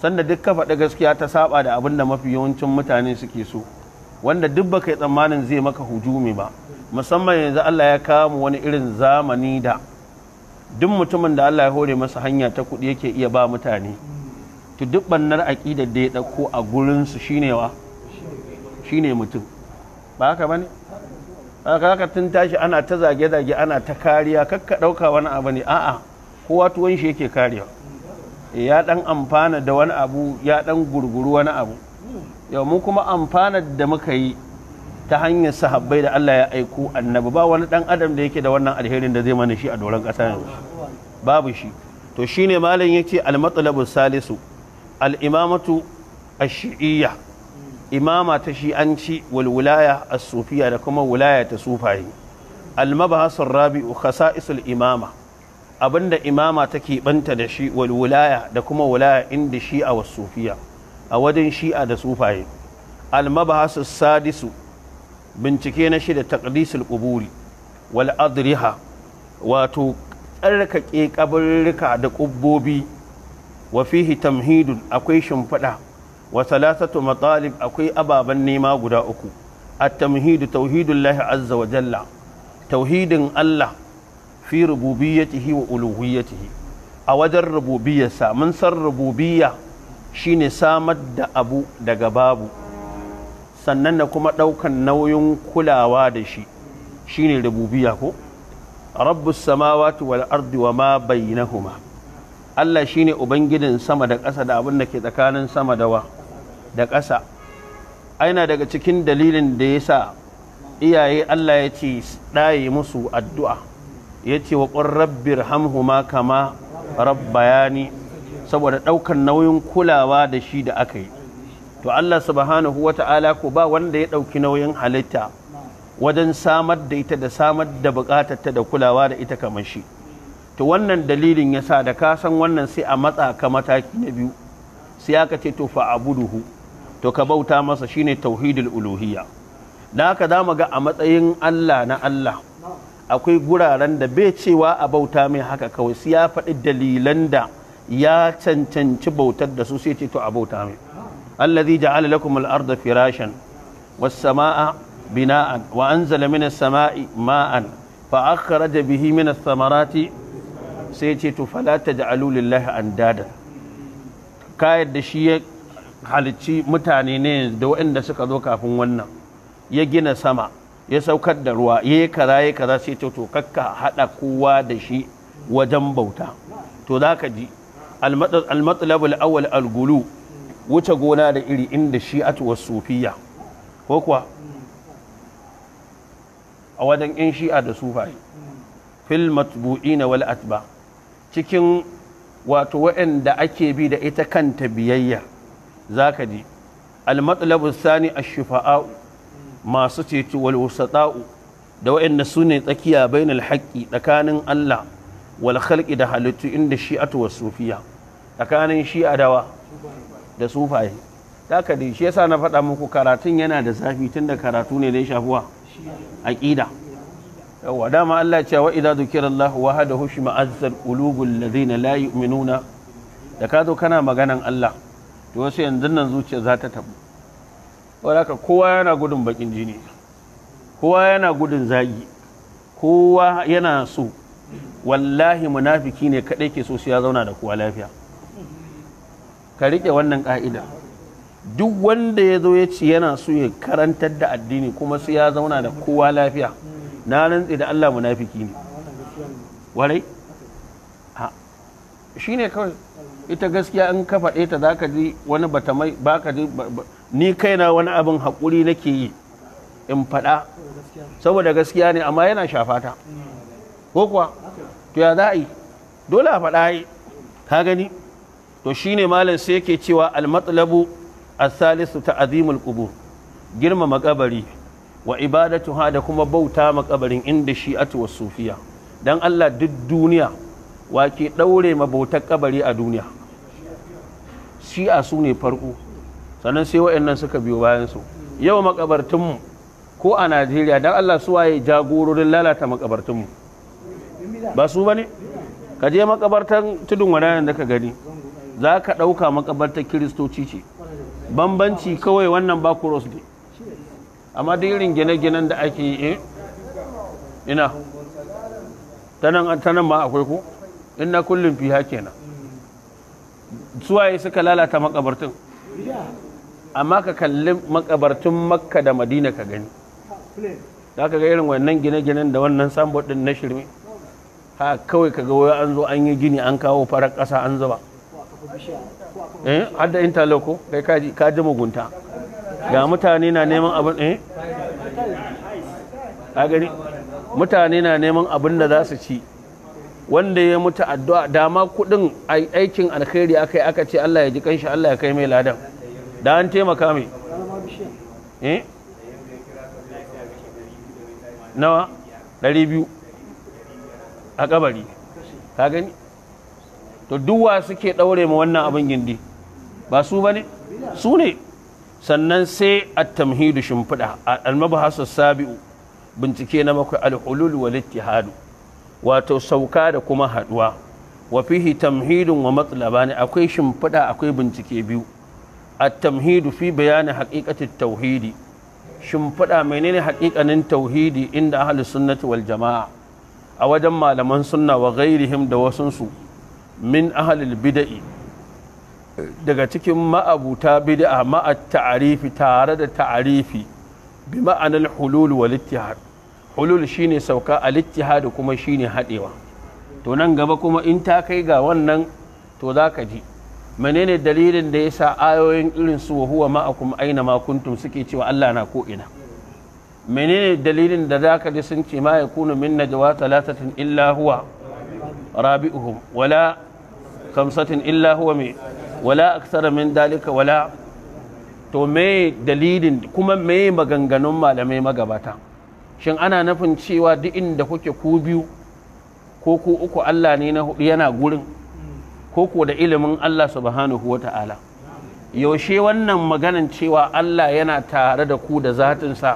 sanda duk ka faɗi gaskiya ta saba da abin da mafi yawancin mutane suke so wanda duk baka yi tsammanin zai maka hujumi ba musamman yanzu Allah ya kawo wani irin zamani da duk mutumin da Allah ya hore masa hanya ta kuɗi yake iya ba mutane to duk bannar aƙidar da ya ɗauko a gurinsu shine wa shine mutum ba haka bane haka haka tun tashi ana ta zage-zage ana ta kariya kakka ɗauka wani abu ne a'a kowa tuwon shi yake kariya ya ɗan amfana da wani abu ya ɗan gurguru wani abu yau mu kuma amfanar da muka yi ta hanyar sahabbai da Allah ya aiko annabi ba wani dan adam da yake da wannan alherin da zai mana shi a doron ƙasa yanzu babu shi to shine malam yace al-matlabu salisu al-imamatu ash-shi'iyya imama ta shi'anci wal wilaya as-sufiyya da kuma wilaya ta sufaye al-mabhas rabiu khasa'isul imama abinda imama take banta da shi wal wilaya da kuma wilaya inda a was-sufiyya a wajen shi'a da sufaye almabahasu sadisu bincike na shida taqdisul quburi wal adriha wato tsarkake kabarruka da kubbobi wa fihi tamhidun akwai shimfiɗa wa salasatu matalib akwai ababen nema guda uku at-tamhidu tauhidullahi azza wa jalla tauhidin Allah fi rububiyyatihi wa uluhiyyatihi a wajen rububiyarsa mun san rububiyya shine samar da abu daga babu sannan da kuma ɗaukan nauyin kulawa da shi shine rububiya ko rabbus samawati wal ardi wa ma bainahuma Allah shine ubangijin sama da ƙasa da abin da ke tsakanin sama da wa da ƙasa aina daga cikin dalilin da ya sa iyaye Allah ya ce ɗaye musu addu'a ya ce wa ƙun rabbir hamhuma kama rabbayani saboda ɗaukar nauyin kulawa da shi da aka yi to Allah subhanahu wa ta'ala ko ba wanda ya ɗauki nauyin halitta wajen samar da ita da samar da ta da kulawa da ita kamar shi to wannan dalilin ya sa da ka san wannan sai a matsa ka mataki na biyu sai aka ce to fa'abuduhu to ka bauta masa shine tauhidul uluhiyya da haka za mu ga a matsayin Allah na Allah akwai guraren da bai cewa a bauta mai haka kawai sai ya faɗi dalilan da ya cancanci bautar da su sai ce to a bauta mai allazi ja'ala lakum al-ardha firashan was samaa bina'an wa anzala minas samai ma'an fa akhraja bihi minas samarati sai ce to fala taj'alu lillahi andada ka da shi ya halicci mutane ne da waɗanda suka zo kafin wannan ya gina sama ya saukar da ruwa ya yi kaza ya kaza sai to kakka haɗa kowa da shi wajen bauta to za ka ji al awal al wuce gona da iri inda shi'atu was sufiya ko kuwa a wajen yan shi'a da sufaye fil matbu'ina wal atba cikin wato waɗanda ake bi da ita kanta biyayya zaka ji al-matlab al-thani masu ceci wal wasata'u da waɗanda su ne tsakiya bainal haƙƙi tsakanin Allah wal khalqi da halittu inda shi'atu was sufiya tsakanin shi dawa da sufaye ta dai shi yasa na faɗa muku karatun yana da zafi tun da karatu ne da ya shafuwa ƙida yawwa dama Allah wa idza dhukira Allah hushi shima'azzal qulubul ladina la yu'minuna da ka zo kana maganan Allah to wasu yanzu nan zuciya za ta tabu kowa yana gudun bakin jini kowa yana gudun zagi kowa yana so wallahi munafiki ne kadai ke so su ya zauna da kowa lafiya ka riƙe wannan ƙa'ida duk wanda ya zo ya ci yana so ya karantar da addini kuma su ya zauna da kowa lafiya na rantse da Allah munafiki ne warai ha shi ne kawai ita gaskiya in ka faɗe ta zaka ji wani bata mai baka ji ni kaina wani abin haƙuri nake yi in faɗa saboda gaskiya ne amma yana shafa ta ko kuwa to ya za a yi dole a faɗa yi ka gani to shine malam sai yake cewa al a salisu salisu azimul qubur girma makabari wa ibadatu ha da kuma bauta makabarin inda shi shi'atu tuwa sufiya dan Allah duk duniya wa ke daure mabautar kabari a duniya shi'a su ne farko sannan sai nan suka biyo bayan su yau makabartunmu ko a Najeriya dan Allah su waye jagororin lalata makabartunmu ba su bane ka je makabartar tudun wadanan da ka gani za ka ɗauka makabartar kiristoci ce bambanci kawai wannan ba cross ne amma da irin gine-ginen da ake yi eh? ina ta nan ma akwai ko ina kullum fiha kenan suwaye suka lalata makabartun amma ka kalli makabartun makka da madina ka gani za ka ga irin wannan gine-ginen da wannan sambo din na shirme ha kawai ka ga wai an zo an yi gini an kawo farar ƙasa an zuba eh hadda da interloco kai ka ji mugunta ga mutane na neman abin eh a gari mutane na neman abin da za su ci wanda ya mutu addu'a dama kudin aikin alkhairi aka yi aka ce Allah ya ji kanshi Allah ya kai mai ladan da an taimaka mai eh nawa 200 a kabari ka gani to duwa suke ɗaure ma wannan abin gindi ba su ba ne su ne sannan sai a tamhidu shimfiɗa almabahasu sabi'u bincike na makwai alhulul wal ittihadu wato sauka da kuma haɗuwa wa fihi tamhidun wa matsalaba ne akwai shimfiɗa akwai bincike biyu a tamhidu fi bayanin haƙiƙatin tauhidi shimfiɗa menene haƙiƙanin tauhidi inda ahlus sunnati wal jama'a a wajen malaman sunna wa ghairihim da wasunsu min ahalil bida'i daga cikin ma'abuta bid'a ma'a ta'arifi tare da ta'arifi bi ma'anar hulul wal ittihad hulul shine sauka al ittihad kuma shine hadewa to nan gaba kuma in ta kai ga wannan to zaka ji menene dalilin da yasa ayoyin irin su wa huwa ma'akum aina ma kuntum suke cewa Allah na ko ina menene dalilin da zaka ji sun ce ma yakunu min najwa talatatin illa huwa rabi'uhum wala khamsatin illa mai wala aksara min dalika wala to me dalilin kuma me maganganun malamai magabata shin ana nufin cewa duk inda kuke ku biyu ko ku uku Allah ne na hudu yana gurin ko ko da ilimin Allah subhanahu wata'ala yaushe wannan maganan cewa Allah yana tare da ku da zatinsa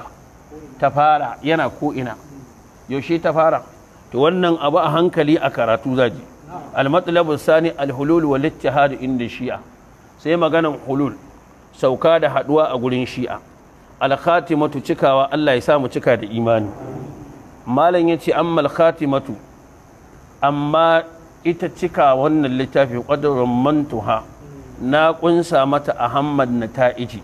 ta fara yana ko yaushe ta fara to wannan abu a hankali a karatu zaji al sani alhulul wal ittihad inda shi'a sai maganan hulul sauka da haduwa a gurin shi'a al-khatimatu cikawa Allah ya sa mu cika da imani malam yace amma al-khatimatu amma ita cika wannan littafi qadrun mantuha na kunsa mata a ahammad nata'iji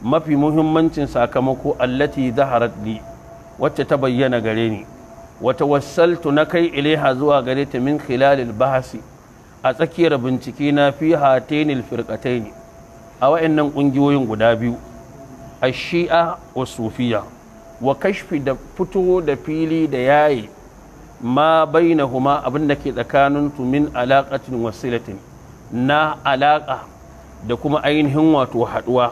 mafi muhimmancin sakamako allati zaharat li wacce ta bayyana gare ni wata wasaltu na kai ilaiha zuwa gare ta min khilalil bahasi a tsakiyar bincike na fi hatenil firqataini a wayannan kungiyoyin guda biyu a shia wa sufiya wa kashfi da fito da fili da yayi ma huma abinda ke tsakanin su min alaqatin wasilatin na alaƙa da kuma ainihin wato haɗuwa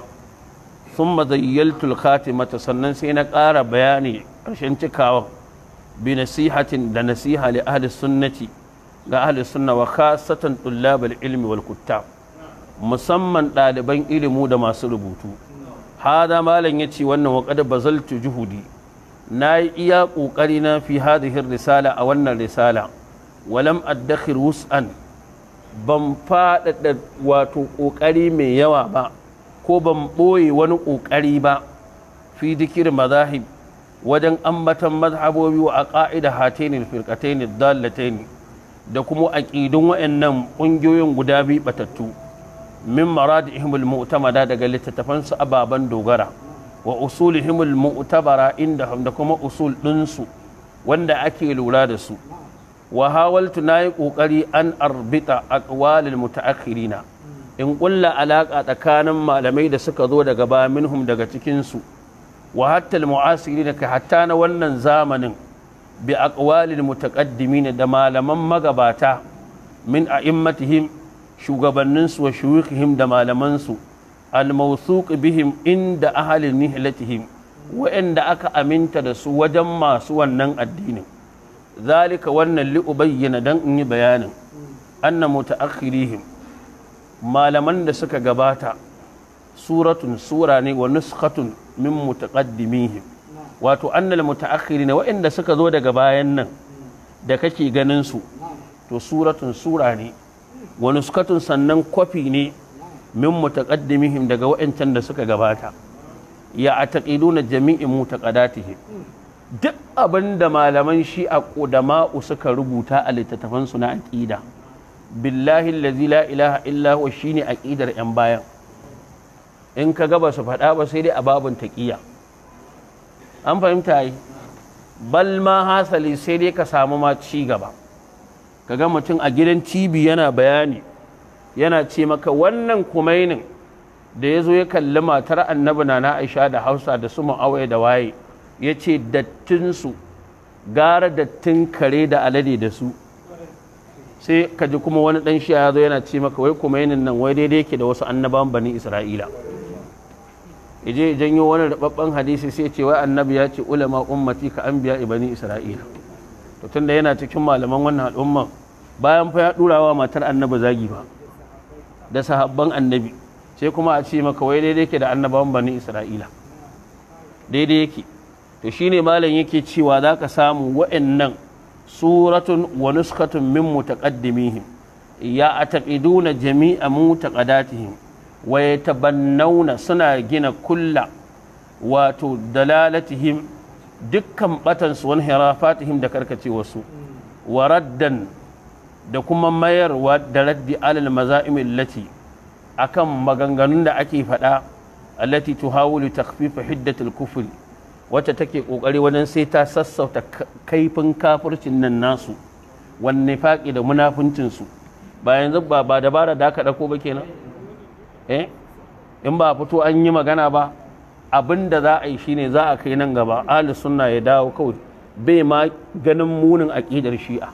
sun mazayyaltul khatimata sannan sai na ƙara bayani ƙarshen cikawan bi nasihatin da nasiha li ahli sunnati ga ahli sunna wa khasatan ilmi wal kuttab musamman ɗaliban ilimu da masu rubutu hada malam ya ce wannan wa qad bazaltu juhudi nayi iya ƙoƙari na fi hadhihi risala a wannan risala walam addakhir wus'an ban faɗaɗa wato ƙoƙari mai yawa ba ko ban ɓoye wani ƙoƙari ba fi dikir mazahib wajen ambatan mazhabobi wa aqaida hataini firqataini dallataini da kuma aqidun wayannan kungiyoyin guda biyu batattu min maradihim almu'tamada daga littattafan su ababan dogara wa usulihim almu'tabara indahum da kuma usul ɗinsu wanda ake lura da su wa hawaltu nayi kokari an arbita aqwalil mutaakhirina in ƙulla alaƙa tsakanin malamai da suka zo daga ba minhum daga su wa hatta al-mu'asiri hatta na wannan zamanin bi aqwalil mutaqaddimin da malaman magabata min a'immatihim shugabannin su wa shuyukhihim da malaman su al-mawthuq bihim inda ahli nihlatihim wa'anda aka aminta da su wajen masu wannan addinin zalika wannan li'u bayyana dan in yi bayanin anna mutaakhirihim malaman da suka gabata suratun sura ne wa nuskatun min mutaqaddimihi wato annal mutaakhirin inda suka zo daga bayan nan da kake ganin su to suratun sura ne wa nuskatun sannan kwafi ne min mutaqaddimihim daga wa'incan da suka gabata ya ataqiduna jami'in mutaqadatihi duk abinda malaman shi a ƙudama'u suka rubuta a littattafansu na aƙida billahi la ilaha illa shine shine aƙidar 'yan bayan in ka gaba su faɗa ba sai dai a babin taƙiya an fahimta yi bal ma hasali sai dai ka samu ma ci gaba ka ga mutum a gidan tibi yana bayani yana ce maka wannan kumainin da ya zo ya kalli matar annabi na aisha da hausa da su ma'awai da waye ya ce dattinsu gara dattin kare da alade da su sai ka ji kuma wani dan shi ya zo yana ce maka wai kumainin nan wai daidai yake da wasu annaban bani isra'ila ije janyo wani rababban hadisi sai ce wai annabi ya ce ulama ummati ka anbiya ibani isra'ila to tunda yana cikin malaman wannan al'umman bayan fa ya durawa matar annabi zagi ba da sahabban annabi sai kuma a ce maka wai daidai yake da annabawan bani isra'ila daidai yake to shine malam yake cewa za ka samu wa'annan suratun wa nuskatun min mutaqaddimihim ya ataqiduna jami'a mutaqadatihim wa yatabannauna suna gina kulla wato dalalatihim dukkan batansu wani hirafatihim da karkacewarsu wa raddan da kuma mayarwa da raddi alal maza'imin lati akan maganganun da ake faɗa allati tuhawulu takfifa hiddatul kufri wacce take kokari wajen sai ta sassauta kaifin kafircin nan nasu wanne faƙi da munafuncinsu. ba yanzu ba ba dabara da aka ɗauko ba kenan Eh? in ba fito an yi magana ba abin da za a yi shine za a kai nan gaba ahli sunna ya dawo kawai bai ma ganin munin aƙidar shi'a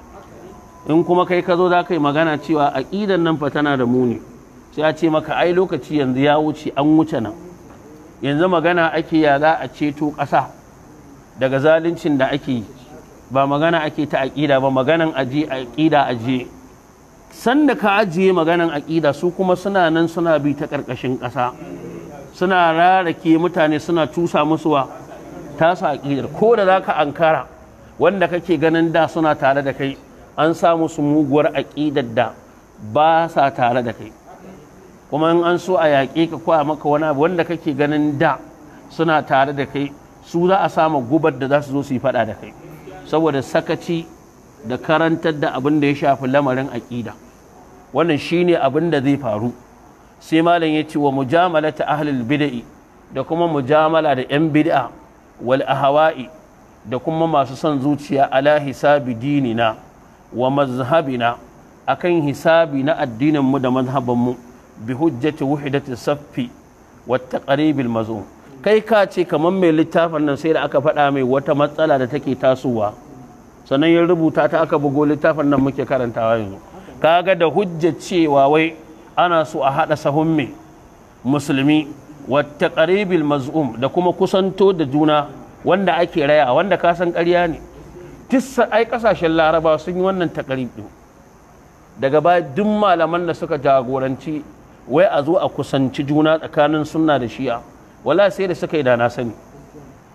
in kuma kai ka zo za ka yi magana cewa aƙidar nan fa tana da muni sai a ce maka ai lokaci yanzu ya wuce an wuce nan yanzu magana ake ya za a ceto ƙasa daga zaluncin da ake yi ba magana ake ta aƙida ba maganan aje aƙida aje. sanda ka ajiye maganan aƙida su kuma suna nan suna bi ta ƙarƙashin ƙasa suna rarake mutane suna tusa musu wa tasa aƙidar ko da za ka ankara wanda kake ganin da suna tare da kai an sa musu muguwar aƙidar da ba sa tare da kai kuma in an so a yaƙe ka ko a maka wani abu wanda kake ganin da suna tare da kai su za a samu gubar da za su zo su yi faɗa da kai saboda sakaci da karantar da abin da ya shafi lamarin aƙida wannan shine abin da zai faru sai malam ya ce wa mujamala ta ahlul bid'i da kuma mujamala da yan bid'a wal ahawa'i da kuma masu son zuciya ala hisabi dini na wa mazhabi na a kan hisabi na addinin mu da mazhaban mu bi hujjati wahidati saffi wa taqribil mazum kai ka ce kamar mai littafin nan sai da aka faɗa mai wata matsala da take tasowa sannan ya rubuta ta aka bugo littafin nan muke karantawa yanzu kaga da hujja cewa wai ana so a haɗa sahun mai musulmi wata ƙaribil maz'um da kuma kusanto da juna wanda ake raya wanda kasan san ƙarya ne tissa ai ƙasashen laraba sun yi wannan taƙarib ɗin daga baya duk malaman da suka jagoranci wai a zo a kusanci juna tsakanin sunna da shi'a wala sai da suka yi da na sani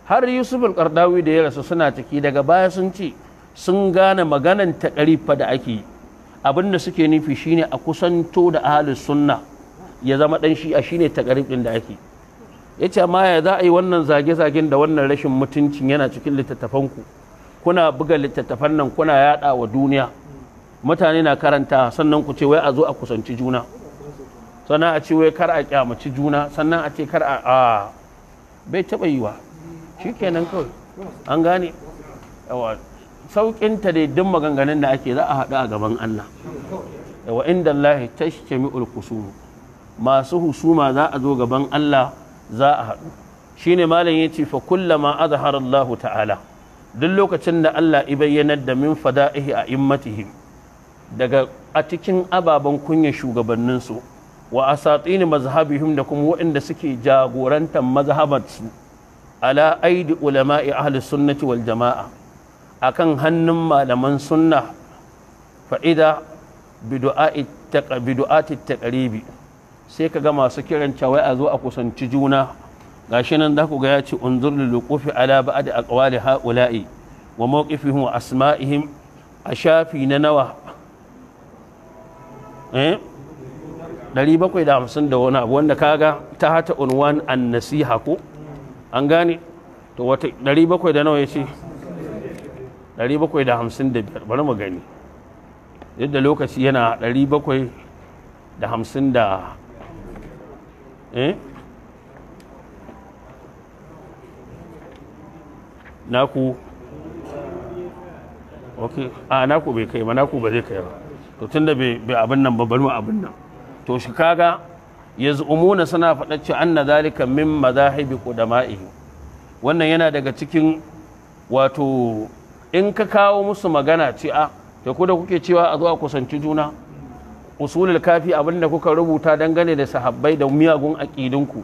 har yusuf al da ya rasu suna ciki daga baya sun ce sun gane maganan ta ƙarifa da ake yi abin da suke nufi shine a kusanto da ahalin sunna ya zama ɗan shi'a shine ta ɗin da ake ya ce amma ya za a yi wannan zage-zagen da wannan rashin mutuncin yana cikin littattafanku kuna buga littattafan nan kuna yaɗa wa duniya mutane na karanta sannan ku ce wai a zo a kusanci juna sannan a ce wai kar a kyamaci juna sannan a ce kar a a bai taɓa yiwa kenan kawai an gane saukin ta dai duk maganganun da ake za a haɗu a gaban Allah wa inda Allah mi'ul qusum masu husuma za a zo gaban Allah za a haɗu shi shine malam ce fa kullama azhara Allah ta'ala duk lokacin da Allah ya bayyana da min fada'ihi a immatihim daga a cikin ababen kunya shugabanninsu wa asatini mazhabihim da kuma waɗanda suke jagorantar mazhabansu ala aidi ulama'i ahli sunnati wal jama'a akan hannun malaman sunna fa'ida bidu'ati taqribi sai kaga masu kiran cewa a zo a kusanci juna gashi nan da ku ga ya ce unzur lil wuqufi ala ba'd aqwali haula'i wa mawqifihim wa asma'ihim a shafi na nawa eh 750 da wani abu wanda kaga ta hata unwan an nasiha ku an gane to wata 700 da nawa yace 755 bari mu gani yadda lokaci yana 750 da eh naku ok a naku bai kai ma naku ba zai kai ba to tunda bai abin nan ba bari mu abin nan to shi kaga umuna suna faɗa ce an na zalika min madahibi qudama'i wannan yana daga cikin wato in ka kawo musu magana ce a ah, da ku da kuke cewa a zuwa kusanci juna usulul kafi abin da kuka rubuta dangane da sahabbai da miyagun aƙidinku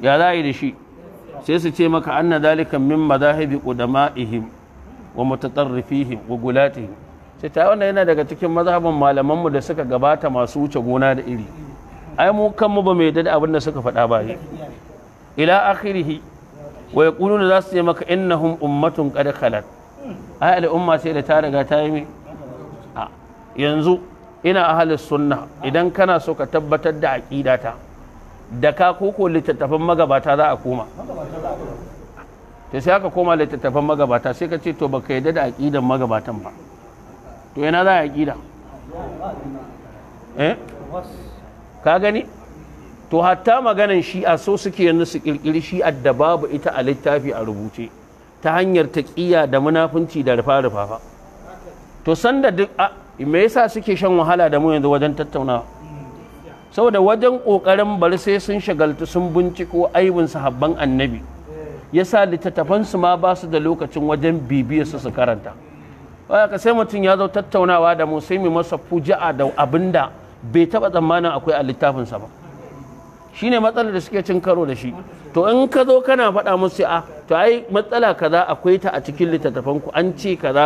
ya za yi da shi sai su ce maka anna dalika min madahibi qudama'ihim wa mutatarrifihim wa gulatihim sai ta wannan yana daga cikin malaman malamanmu da suka gabata masu wuce gona da iri ai mu kanmu ba mu yadda da abin da suka faɗa ba ila akhirih wa yaquluna zasu su ce maka innahum ummatun qad khalat ai al'umma sai da ta riga ta yi a yanzu ina ahalin sunna idan kana so ka tabbatar da ta da ka koko littattafan magabata za a koma to sai aka koma littattafan magabata sai ka ce to baka yadda da aƙidan magabatan ba to yana za a aƙida eh ka gani to hatta maganan shi a so suke yanzu su kirkiri shi'ar da babu ita a littafi a rubuce ta hanyar taƙiya da munafunci da rufa rufa ba to sanda duk a me yasa suke shan wahala da mu yanzu wajen tattaunawa saboda wajen ƙoƙarin bari sai sun shagaltu sun binciko aibin sahabban annabi yasa littattafansu ma ba su da lokacin wajen bibiyar su su karanta ka sai mutum ya zo tattaunawa da mu sai mu masa fuja'a da abinda bai taɓa tsammanin akwai a littafinsa ba shine matsalar da suke cin karo da shi to in ka zo kana faɗa musu a to ai matsala kaza akwai ta a cikin littattafan ku an ce kaza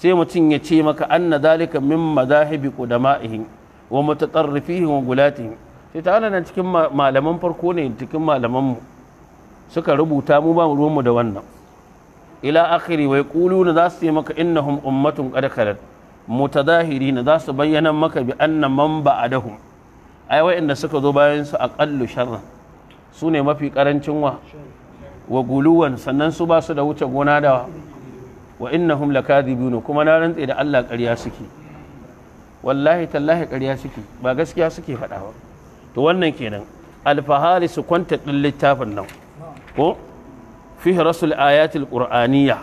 sai mutum ya ce maka anna zalika min madahibi qudama'ihim wa mutatarrifihim wa gulatihim sai ta nan cikin malaman farko ne cikin malaman mu suka rubuta mu ba mu ruwan mu da wannan ila akhiri wa yaquluna za su yi maka innahum ummatun qad khalat mutadahirina za su bayyana maka bi anna man ba'adahum ai wa'anda suka zo bayan su aqallu sharra su ne mafi karancin wa wa guluwan sannan su ba su da wuce gona da wa innahum lakadibun kuma na rantse da Allah ƙarya suke wallahi tallahi ƙarya suke ba gaskiya suke faɗa ba to wannan kenan alfahari su kwanta ɗin littafin nan ko fi rasul ayatul qur'aniyya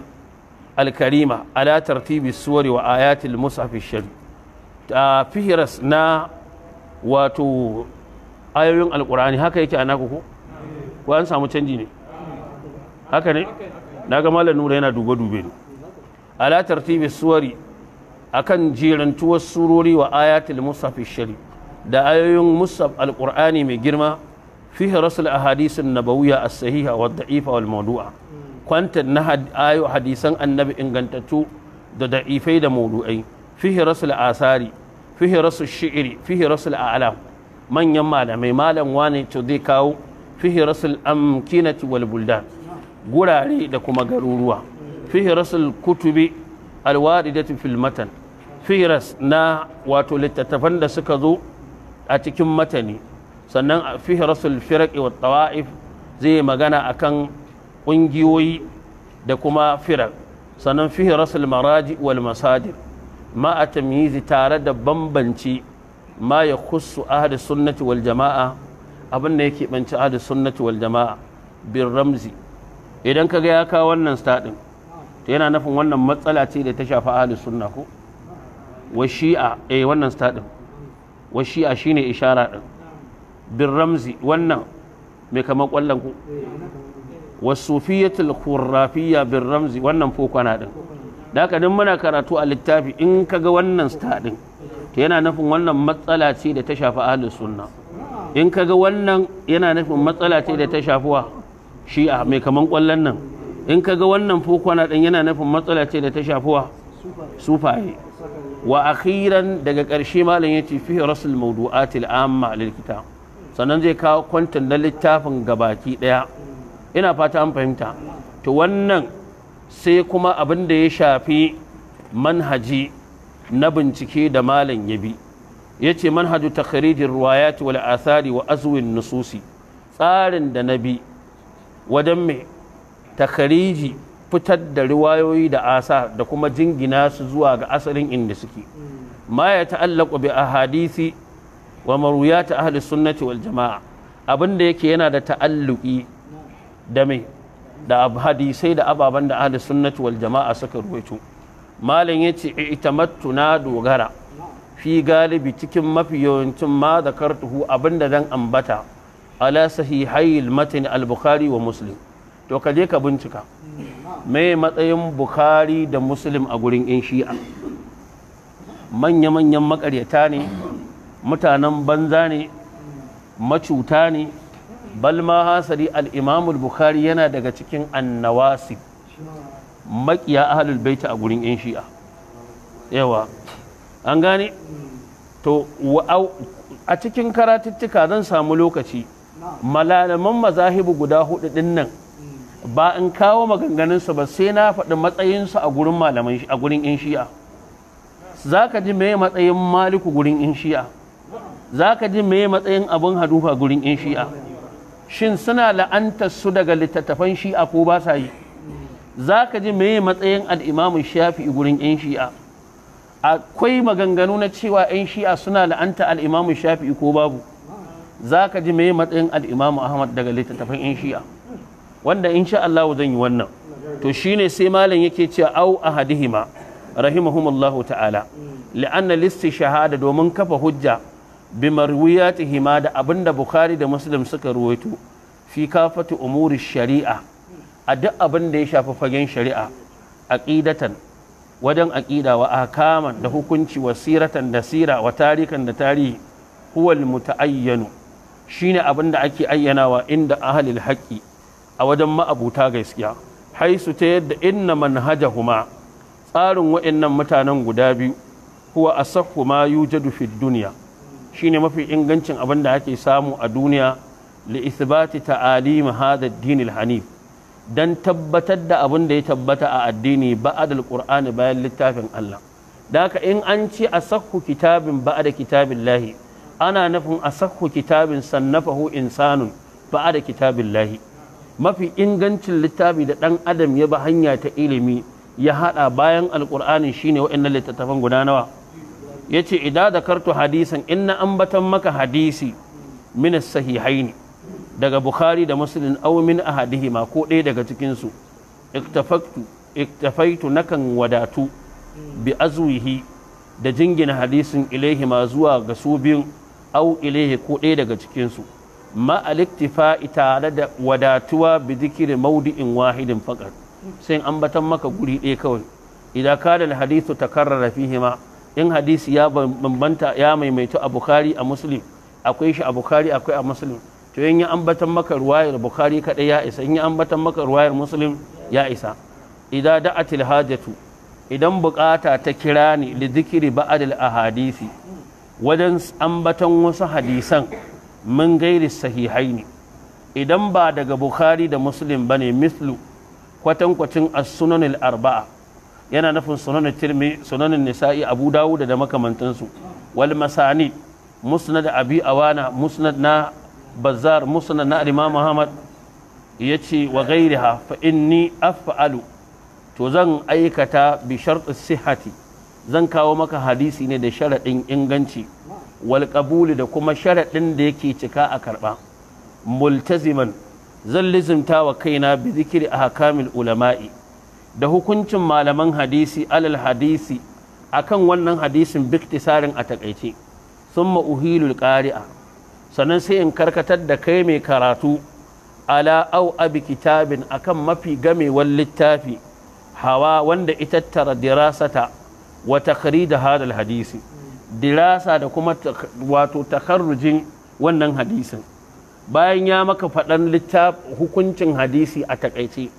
alkarima ala tartibi suwari wa ayatul mushafi shari ta fihiras na wato ayoyin alqur'ani haka yake a naku ko ko an samu canji ne haka ne na ga malam nura yana duba dube ne ala tartibi suwari akan jerantuwar surori wa ayatul musaf shari da ayoyin musaf alqur'ani mai girma fi rasul ahadith an-nabawiyya as-sahiha wa daifa wal mawdu'a kwanta na ayo hadisan annabi ingantattu da da'ifai da mawdu'ai fi rasul asari fi rasul shi'ri fi rasul a'lam manyan malamai malam wane to zai kawo fi rasul amkinati wal buldan gurare da kuma garuruwa fihirasul kutubi alwaridatu fil matan fihiras na wato littattafan da suka zo a cikin matani sannan fihiras firaqi wa tawa'if zai magana akan ƙungiyoyi da kuma firar sannan fihiras maraji wal masajid ma a tamyizi tare da bambanci ma ya kusu ahli sunnati wal jama'a abin da yake banci ahli sunnati wal jama'a bin ramzi idan ka ga ya kawo wannan staɗin to yana nufin wannan matsala ce da ta shafi ahalus sunna ko wa shi'a eh wannan staɗin wa shi'a shine ishara din bin ramzi wannan mai kamar kwallon ku wa sufiyatul khurrafiyya bin ramzi wannan fokwana din da haka muna karatu a littafi in ka ga wannan staɗin to yana nufin wannan matsala ce da ta shafi ahalus sunna in ka ga wannan yana nufin matsala ce da ta shafi wa shi'a mai kaman kwallon nan in ka ga wannan fokwana ɗin yana nufin matsala ce da ta shafuwa sufaye wa akhiran daga ƙarshe malam ya ce fi rasul mawdu'atil amma lil sannan zai kawo kwantan na littafin gabaki ɗaya ina fata an fahimta to wannan sai kuma abin da ya shafi manhaji na bincike da malam ya bi ya ce manhaju takharijin ruwayat wal asari wa azwin nususi tsarin da na bi wajen mai takariji fitar da riwayoyi da asa da kuma jingina su zuwa ga asalin inda suke hmm. ma ya ta'allaku bi ahadisi wa ta ahli sunnati wal jama'a abinda yake yana da ta'alluki da mai da hadisai da ababen da ahli sunnati wal jama'a suka ruwaito malam yace itamattu na dogara hmm. fi galibi cikin mafi yawancin ma zakartuhu abinda zan ambata ala sahihayil matin al-bukhari wa muslim to ka je ka bincika me matsayin bukhari da muslim a gurin in shi'a manya-manyan makaryata ne mutanen banza ne macuta ne balma hasari al'imamul bukhari yana daga cikin annawasi makiya ahlul baita a gurin yan shi'a yawa an gane to a cikin karatuttuka zan samu lokaci malalaman mazahibu guda hudu din nan ba in kawo maganganunsu ba sai na faɗi matsayinsu a gurin malaman a gurin in shi'a za ka ji meye matsayin maliku gurin in shi'a za ka ji meye matsayin abin hadufa gurin in shi'a shin suna la'anta su daga littattafan shi'a ko ba sa yi za ka ji meye matsayin al'imamu shafi'i gurin in shi'a akwai maganganu na cewa 'yan shi'a suna la'anta al'imamu shafi'i ko babu za ka ji mai matsayin al'imamu ahmad daga littattafan in shi'a wanda in sha Allah zan yi wannan to shine sai malam yake cewa au a ahadihima rahimahumullahu ta'ala li'anna listi shahada domin kafa hujja bi marwiyatihima da abinda bukhari da muslim suka ruwaito fi kafatu umuri shari'a a duk abin da ya shafi fagen shari'a aqidatan wajen aqida wa ahkaman da hukunci wa da sira wa tarikan da tarihi huwal muta'ayyanu shine abin da ake ayyanawa inda ahalil haƙi a wajen ma'abuta gaskiya haisu ta yadda inna huma tsarin waɗannan mutanen guda biyu huwa asahhu ma yujadu duniya. shi shine mafi ingancin abin da ake samu a duniya li ithbati ta'alim hadha ad-din hanif dan tabbatar da abin da ya tabbata a addini ba'adar qur'ani bayan littafin Allah da haka in an ce asahhu kitabin ba'ada kitabillahi ana nufin a sakku kitabin sannafahu insanun ba da kitabin lahi mafi ingancin littafi da ɗan adam ya ba hanya ta ilimi ya haɗa bayan alƙur'ani shine waɗannan littattafan guda nawa ya ce idan da kartu hadisan in na ambatan maka hadisi min ne daga bukhari da muslim aw min ahadihima ko ɗaya daga cikinsu iktafaktu iktafaitu nakan wadatu bi azwihi da jingina hadisin ilaihima zuwa ga su biyun au ilaihi ko ɗaya daga cikinsu ma aliktifa tare da wadatuwa bi zikiri maudi'in wahidin faƙar sai an batan maka guri ɗaya kawai idan kana hadisu ta karrara fihima in hadisi ya bambanta ya maimaito a bukhari a muslim akwai shi a bukhari akwai a muslim to in ya ambatan maka ruwayar bukhari kada ya isa in ya ambatan maka ruwayar muslim ya isa idan da'atil hajatu idan bukata ta kira ni li zikiri ba'adil ahadisi wajen ambaton wasu hadisan mun gairi sahihai ne idan ba daga bukhari da ba ne mislu kwatankwacin a sunan arbaa yana nufin sunan tirmi sunan nisa'i abu dawud da makamantansu wal masani musnad abi awana musnad na bazar musnad na imam muhammad ce wa ghairiha fa inni af'alu to zan aikata bi shart sihati zan kawo maka hadisi ne da sharaɗin inganci wal da kuma sharaɗin da yake cika a karɓa multaziman zan lizimta wa kaina bi zikiri a hakamil ulama'i da hukuncin malaman hadisi alal hadisi a kan wannan hadisin biktisarin a takaice sun ma'uhilul ƙari'a sannan sai in karkatar da kai mai karatu ala au abi kitabin akan mafi gamewar littafi hawa wanda ita tara dirasata wa da hadal hadisi dirasa da kuma wato takarrujin wannan hadisin bayan ya maka faɗan hukuncin hadisi a takaice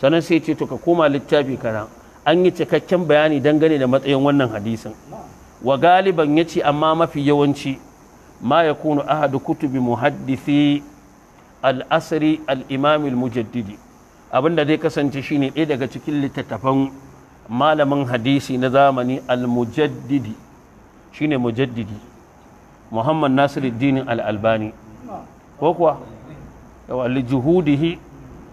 sannan sai ce to ka koma littafi kana an yi cikakken bayani dangane da matsayin wannan hadisin wa galiban ya ce amma mafi yawanci ma ya kunu ahadu kutubi muhaddisi al'asari al'imamil mujaddidi abinda zai kasance shine ɗaya daga cikin littattafan malamin hadisi na zamani al-mujaddidi shine mujaddidi muhammad nasiruddin al-albani ko kuwa yawa juhudihi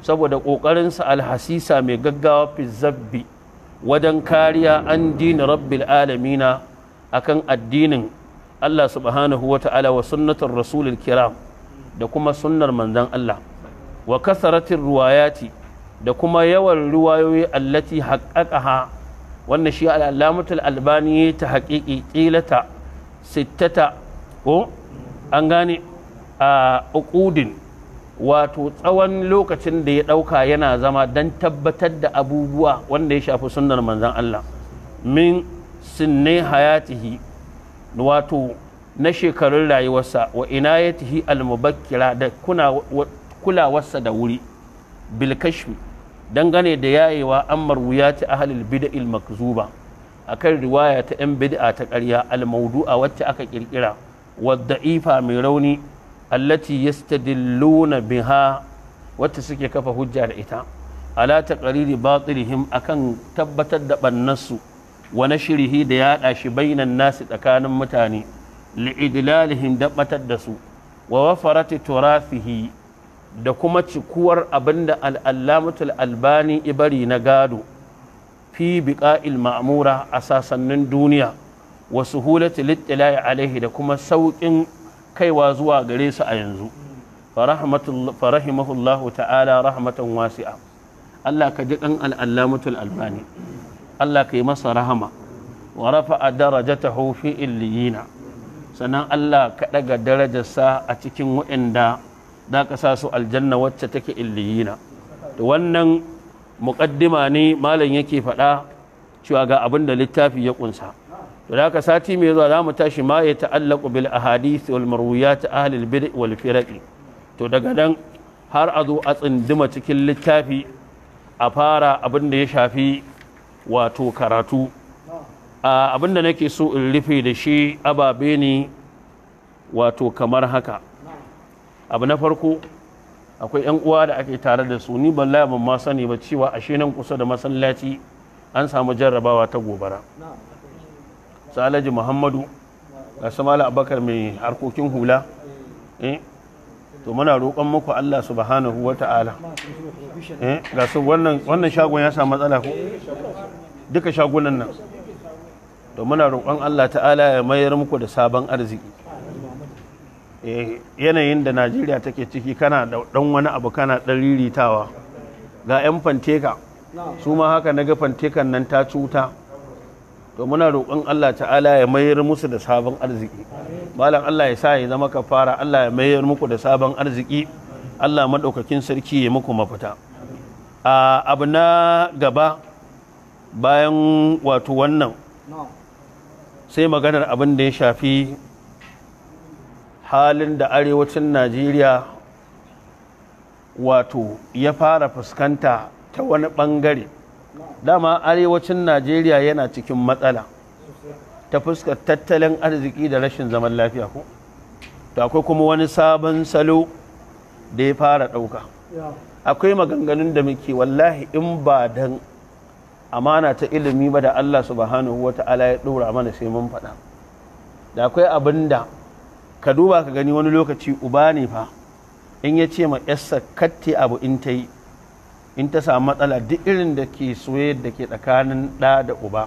saboda ƙoƙarinsa alhasisa mai gaggawa fi zabbi wajen kariya an dini rabbil alamina akan addinin Allah subhanahu wa ta'ala wa sunnatar rasulul kiram da kuma sunnar manzon Allah wa kasaratin ruwayati da kuma yawan ruwayoyi allati haƙaƙaha wannan shi al'alamatul albani ta haƙiƙi ƙilata sittata ko an gane a uƙudin wato tsawon lokacin da ya ɗauka yana zama don tabbatar da abubuwa wanda ya shafi sunnar manzan Allah min sinne hayatihi wato na shekarun rayuwarsa wa ina ya tihi almubakkira da kulawarsa da wuri bilkashmi dangane da yayewa an marwuyati ahlul bid'il makzuba akan riwaya ta yan bid'a ta ƙarya al-mawdu'a wacce aka kirkira da'ifa mai rauni allati yastadilluna biha wacce suke kafa hujja da ita ala taqriri batilihim akan tabbatar da bannansu wa nashrihi da yada shi bainan nasi tsakanin mutane li'idlalihim da batar da su wa wafarati turathihi da kuma cikuwar abinda al'allamatul albani ibari na gado fi biƙa ma'amura a sasannin duniya wa suhulati littilai alaihi da kuma sauƙin kaiwa zuwa gare su a yanzu farahimahullahu ta'ala rahmatan wasi'a Allah ka ji ɗan al'allamatul albani Allah ka yi masa rahama wa a darajatahu fi illiyina sannan Allah ka ɗaga darajarsa a cikin waɗanda da kasa su aljanna wacce take illiyina to wannan muqaddima ne malam yake faɗa cewa ga abin da littafi ya kunsa to da ka sati mai zuwa zamu tashi ma ya ta'allaqu bil ahadith wal marwiyat ahli al bid' wal firaq to daga dan har a zo a tsindima cikin littafi a fara abin da ya shafi wato karatu abin da nake so in rufe da shi ababe ne wato kamar haka abu na farko akwai 'yan uwa da ake tare da su ni balla ban ma sani ba cewa ashe nan kusa da masallaci an samu jarrabawa ta gobara salaji muhammadu ga samala abakar mai harkokin hula eh, to muna roƙon muku allah subhanahu wa ta'ala eh, ga su wannan shagon ya samu matsala ko duka shagunan nan to muna roƙon allah ta'ala ya mayar muku da sabon arziki Eh, yanayin da najeriya take ciki kana da dan wani abu kana dan riritawa ga 'yan fanteka su ma haka na ga fantekan nan ta cuta to muna roƙon Allah ta'ala ya mayar musu da sabon arziki malam Allah ya sa ya zama ka fara. Allah ya mayar muku da sabon arziki Allah maɗaukakin sarki ya muku mafita a abu na gaba bayan wato wannan sai maganar abin da ya shafi halin da arewacin najeriya wato ya fara fuskanta ta wani ɓangare dama arewacin najeriya yana cikin matsala ta fuskar tattalin arziki da rashin zaman lafiya ko to akwai kuma wani sabon salo da ya fara ɗauka akwai maganganun da muke wallahi in ba dan amana ta ilimi ba da allah subhanahu wa ta'ala ya ɗora mana sai mun faɗa da akwai abinda. ka duba ka gani wani lokaci uba ne fa in ya ce ma yarsa katti abu in ta yi in ta samu matsala duk irin da ke soye da ke tsakanin ɗa da uba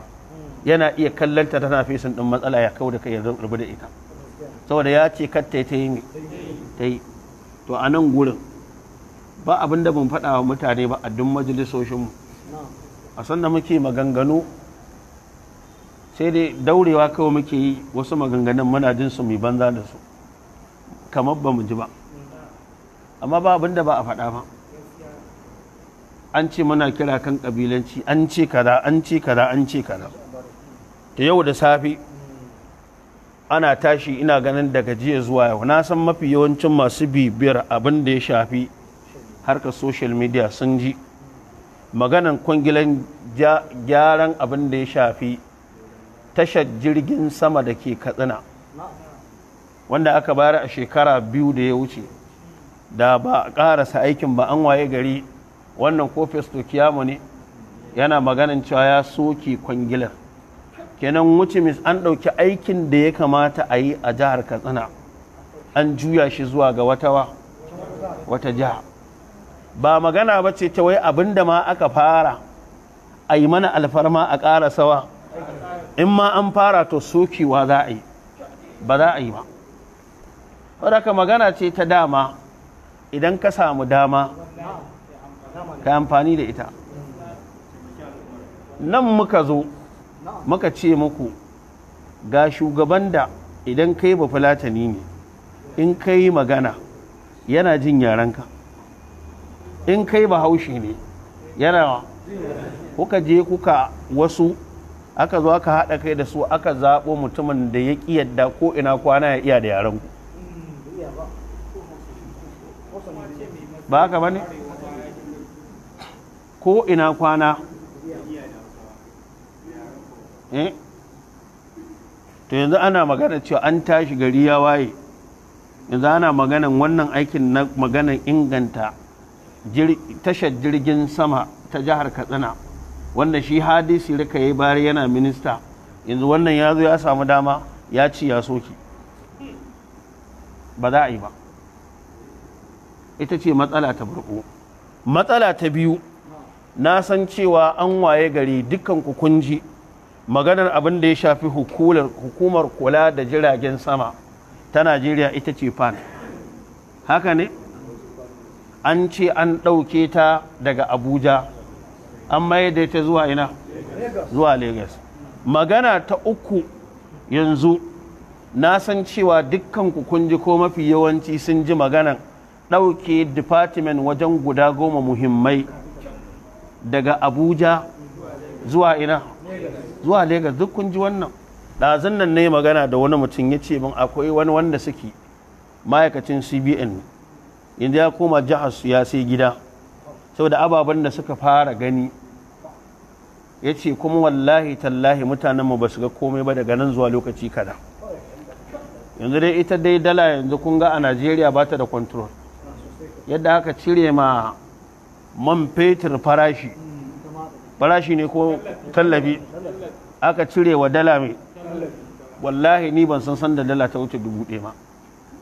yana iya kallanta tana fesin ɗin matsala ya kau da kai ya rabu da ita saboda ya ce katta ta yi ta yi to a nan gurin ba abin da ban faɗa wa mutane ba a duk majalisoshin mu. a sanda muke maganganu sai dai daurewa kawai muke yi wasu maganganun muna jin su mai banza da su kamar ba mu ji ba amma ba abin da ba a faɗa ba an ce muna kira kan kabilanci an ce kaza an ce kaza an ce kaza ta yau da safe ana tashi ina ganin daga jiya zuwa yau na san mafi yawancin masu bibiyar abin da ya shafi harka social media sun ji maganan kwangilan gyaran abin da ya shafi tashar jirgin sama da ke katsina wanda aka bayar a shekara biyu da ya wuce da ba a ƙarasa aikin ba an waye gari wannan ko festo kiyamu ne yana maganin cewa ya soke kwangilar kenan wuce mis an ɗauki aikin da ya kamata a yi a jihar katsina an juya shi zuwa ga wa wata jiha ba magana ba ce ta wai abin da ma aka fara a yi mana alfarma a ƙara sawa in ma an fara to sokewa za a yi ba za a yi ba wadda magana ce ta dama idan ka samu dama ka amfani da ita nan muka zo muka ce muku ga shugaban da idan kai ba fulatani ne in kai magana yana jin yarenka in kai yi bahaushe ne yana kuka je kuka wasu aka zo aka haɗa kai da su aka zaɓo mutumin da ya ƙi yadda ko ina kwana ya iya da yarenku ba haka ba ko ina kwana eh? to yanzu ana magana cewa an tashi gari ya waye yanzu ana maganan wannan aikin na maganan inganta tashar jirgin sama ta jihar katsina wanda shi hadisi rika yi bari yana minista yanzu wannan ya zo ya samu dama ya ci ya soki ba za a yi ba ita ce matsala ta burbu matsala ta biyu na san cewa an waye gari dukkan kukunji maganar abin da ya shafi hukumar kula da jiragen sama ta najeriya ita ce fan haka ne an ce an ɗauke ta daga abuja an mayar da ta zuwa ina zuwa lagos magana ta uku yanzu na san cewa dukkan ku kun ji ko mafi yawanci sun ji maganan ɗauke department wajen guda goma muhimmai daga abuja zuwa ina zuwa lagos duk kun ji wannan ɗazun nan ne magana da wani mutum ya ce min akwai wani wanda suke ma'aikacin cbn inda ya koma jihar ya sai gida saboda ababen da suka fara gani ya ce kuma wallahi tallahi mutanenmu ba su ga komai ba daga nan zuwa lokaci kada yanzu dai ita dai dala yanzu kun ga a najeriya ba ta da control yadda aka cire ma man fetur farashi farashi ne ko tallafi aka cire wa dala mai wallahi ni ban san sanda dala ta wuce dubu ɗaya ma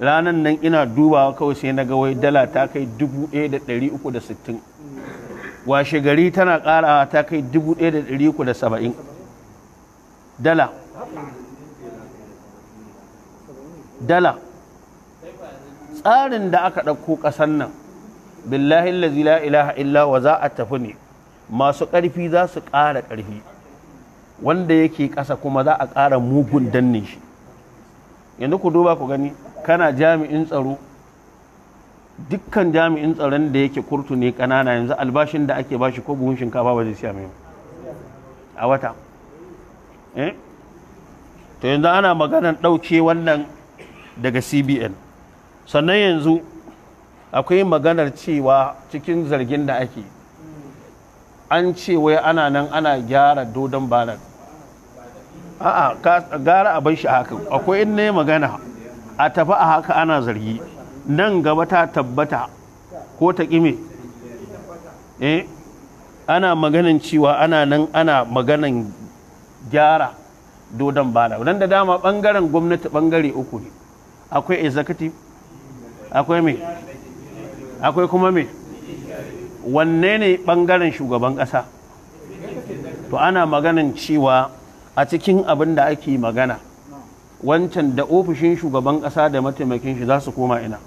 ranar nan ina dubawa kawai sai na wai dala ta kai dubu ɗaya da ɗari uku da sittin washe gari tana ƙarawa ta kai dubu ɗaya da ɗari uku da saba'in dala dala tsarin da aka ɗauko ƙasar nan billahi lazi la ilaha illa wa za a tafi ne masu ƙarfi za su ƙara ƙarfi wanda yake ƙasa kuma za a ƙara mugun danne shi yanzu ku duba ku gani kana jami'in tsaro dukkan jami'in tsaron da yake kurtu ne ƙanana yanzu albashin da ake bashi ko buhun shinkafa ba zai siya mai a wata eh? to yanzu ana maganar ɗauke wannan daga cbn sannan yanzu akwai maganar cewa cikin zargin da ake an ce wai ana nan ana gyara dodon banan a'a gara a bar shi haka akwai in ne magana a tafi a haka ana zargi nan gaba ta tabbata ko ta ƙime eh, ana maganin cewa ana nan ana maganan gyara dodon banan nan da dama ɓangaren gwamnati bangare uku ne akwai executive akwai me akwai kuma me wanne ne bangaren shugaban kasa to ana maganin cewa a cikin abin da ake magana wancan da ofishin shugaban kasa da mataimakin shi za su koma ina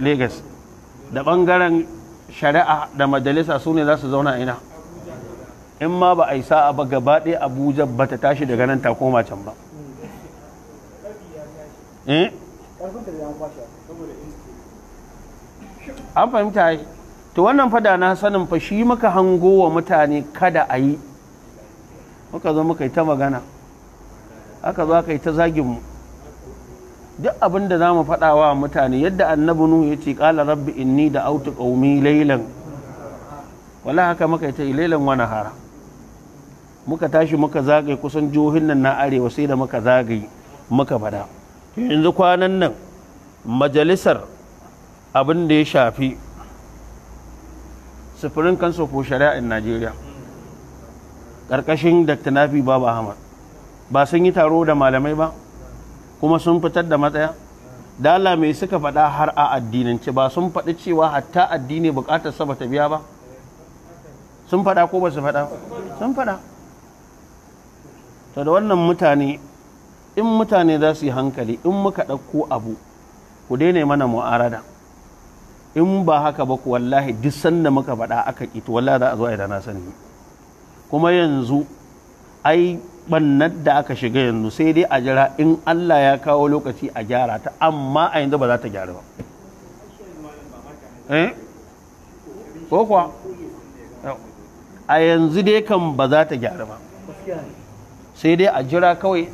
lagos da bangaren shari'a da majalisa su ne za su zauna ina in ma ba a yi sa'a ba gaba ɗaya abuja ba ta tashi daga nan ta koma can ba Eh? an fahimta yi to wannan fada na sanin fa shi muka hango wa mutane kada a yi muka zo muka yi ta magana aka zo aka yi ta zaginmu duk abin da za mu faɗa wa mutane yadda annabi nu ya ce kala rabbi inni da autu kaumi lailan wala haka muka yi ta lailan wani nahara. muka tashi muka zagaye kusan jihohin nan na arewa sai da muka zagaye muka bada yanzu kwanan nan majalisar abin da ya shafi sufurin kansu ko shari'ar najeriya ƙarƙashin dr nafi babu ahmad ba sun yi taro da malamai ba kuma sun fitar da matsaya dala mai suka faɗa har a addinance ba sun faɗi cewa hatta addini buƙatar sabata biya ba sun faɗa ko ba su faɗa sun faɗa to da wannan mutane in mutane za su yi hankali in muka ɗauko abu ku daina mana mu'arada in ba haka ba ku wallahi duk sanda muka faɗa aka ƙi to wallahi za a zo a yi da na sani kuma yanzu ai bannar da aka shiga yanzu sai dai a jira in Allah ya kawo lokaci a gyara ta amma a yanzu ba za ta gyara ba eh ko kuwa a yanzu dai kan ba za ta gyara ba sai dai a jira kawai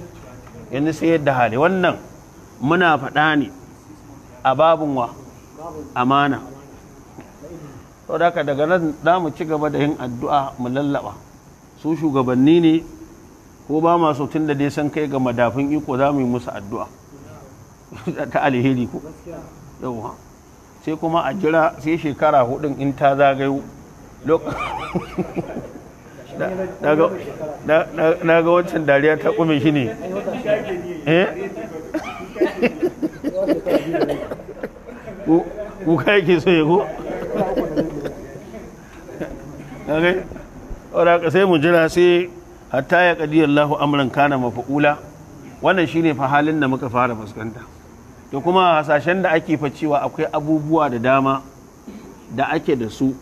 yanzu sai yadda hali wannan muna faɗa ne a babin wa amana to da daga nan za mu ci gaba da yin addu'a mu lallaba su shugabanni ne ko ba masu tun da dai san kai ga madafin iko za mu yi musu addu'a ta alheri ko yauwa sai kuma a jira sai shekara hudun in ta zagayo lokacin na ga wancan dariya ta kume shi ne eh? kuka yake so ya ko wadda sai mu jira sai hatta ya ƙadiyar lahu amuran kana mafa'ula wannan shine fa halin da muka fara fuskanta da kuma hasashen da ake facewa akwai abubuwa da dama da ake da su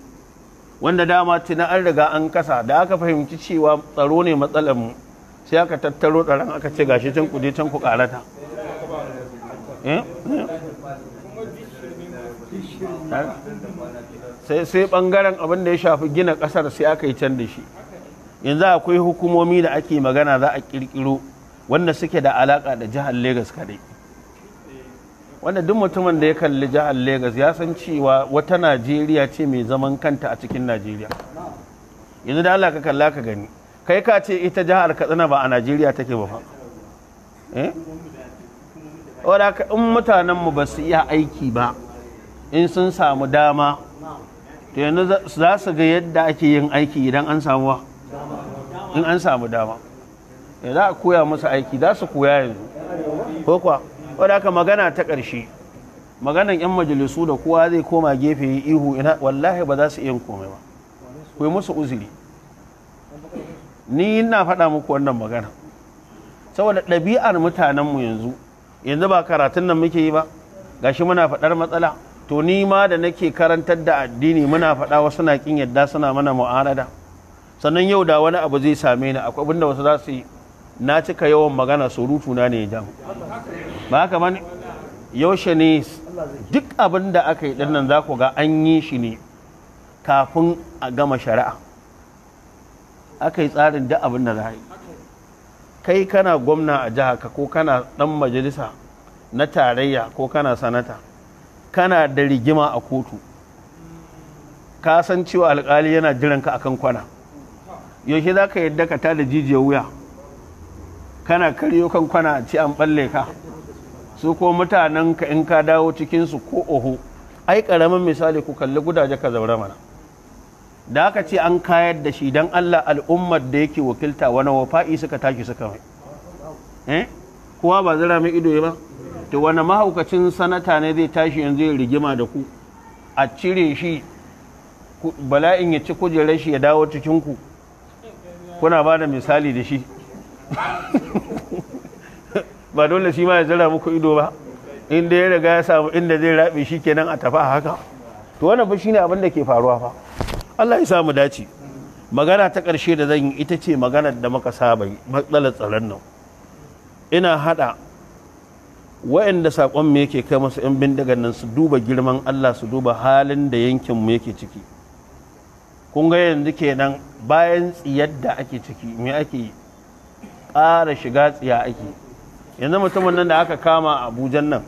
wanda dama tuna an riga an kasa da aka fahimci cewa tsaro ne matsalar mu sai aka tattaro tsaron aka ce gashi can kuje can ku karata eh? Eh? sai sai bangaren abin da ya shafi gina kasar sai aka yi can da shi yanzu akwai hukumomi da ake magana za a kirkiro wanda suke da alaka da jihar Legas kadai wanda duk mutumin da ya kalli jihar Legas ya san cewa wata Najeriya ce mai zaman kanta a cikin Najeriya yanzu da Allah ka kalla ka gani kai ka ce ita jihar Katsina ba a Najeriya take ba fa eh? in mutanenmu ba su iya aiki ba in sun samu dama to yanzu za su ga yadda ake yin aiki idan an samu in an samu dama eh, za a koya musu aiki za su koya yanzu ko kuwa wadda aka magana ta ƙarshe maganan 'yan majalisu da kowa zai koma gefe yi ihu ina wallahi ba za su iya komai ba ku yi musu uzuri ni na faɗa muku wannan magana saboda ɗabi'ar mutanenmu yanzu yanzu ba karatun nan muke yi ba gashi muna faɗar matsala to ni ma da nake karantar da addini muna faɗa wasu na ƙin yadda suna mana mu'arada sannan yau da wani abu zai same ni akwai abinda wasu za su yi na cika yawan magana surutu na ne jam ba haka yaushe ne duk abin da aka yi dinnan za ku ga an yi shi ne kafin a gama shari'a aka yi tsarin duk abin da za a yi kai kana gwamna a jiha ka ko kana dan majalisa na tarayya ko kana sanata kana da rigima a kotu ka san cewa alkali yana jiran jiranka akan kwana yaushe za ka yadda ka tada jijiyar wuya kana karyo kan kwana ci an balle ka su ko mutanen ka in ka dawo cikin su ko oho ai karamin misali ku kalli gudaje ka zaure mana da aka ce an kayar da shi dan Allah al'ummar da yake wakilta wani wafa'i suka tashi suka mai eh kowa ba zira mai ido ba to wani mahaukacin sanata ne zai tashi yanzu ya rigima da ku a cire shi bala'in ya ci kujerar shi ya dawo cikin ku kuna ba da misali da shi ba dole shi ma ya zira muku ido ba inda ya riga ya samu inda zai rabe shi kenan a tafa haka to wannan fa shine abin da ke faruwa fa Allah ya samu dace magana ta ƙarshe da zan yi ita ce maganar da muka saba matsalar tsaron nan ina hada waɗanda sakon mu yake kai masu yan bindigan nan su duba girman Allah su duba halin da yankin mu yake ciki kun ga yanzu kenan bayan tsiyar da ake ciki me ake yi ƙara shiga tsiya ake yanzu mutumin nan da aka kama abujan nan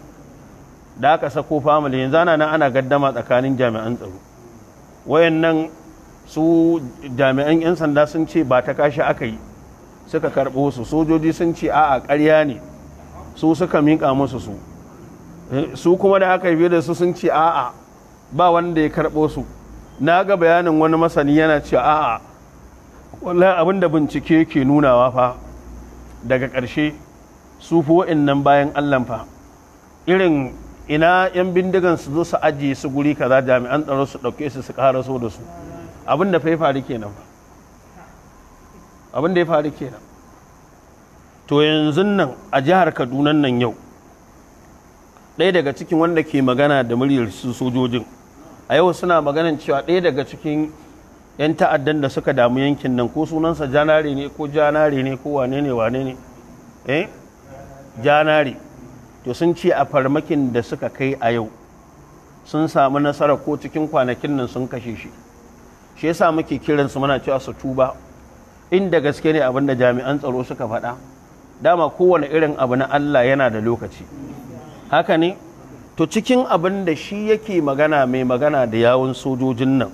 da aka sako famili yanzu ana nan ana gaddama tsakanin jami'an tsaro wayannan su jami'an 'yan sanda sun ce ba ta kashi aka yi suka karɓo su sojoji sun ce a'a ƙarya ne su suka miƙa musu su su kuma da aka yi da su sun ce a'a ba wanda ya karɓo su na ga bayanin wani masani yana ce a wallahi abin da bincike ke nunawa fa daga ƙarshe su fi nan bayan allan fa irin ina 'yan bindigan su zo su ajiye su guri kaza jami'an tsaro su ɗauke su su ƙara so da su abin da fai faru kenan abin da ya faru kenan to yanzu nan a jihar kaduna nan yau ɗaya daga cikin wanda ke magana da muryar su sojojin a yau suna maganan cewa ɗaya daga cikin 'yan ta'addan da suka damu yankin nan ko sunansa janare ne ko janare ne ko wane ne wane ne eh janare to sun ce a farmakin da suka kai a yau sun samu nasara ko cikin kwanakin nan sun kashe shi shi yasa muke kiran su muna cewa su tuba inda gaske ne abin da jami'an tsaro suka faɗa dama kowane irin abu na Allah yana da lokaci haka ne to cikin abin da shi yake magana mai magana da yawun sojojin nan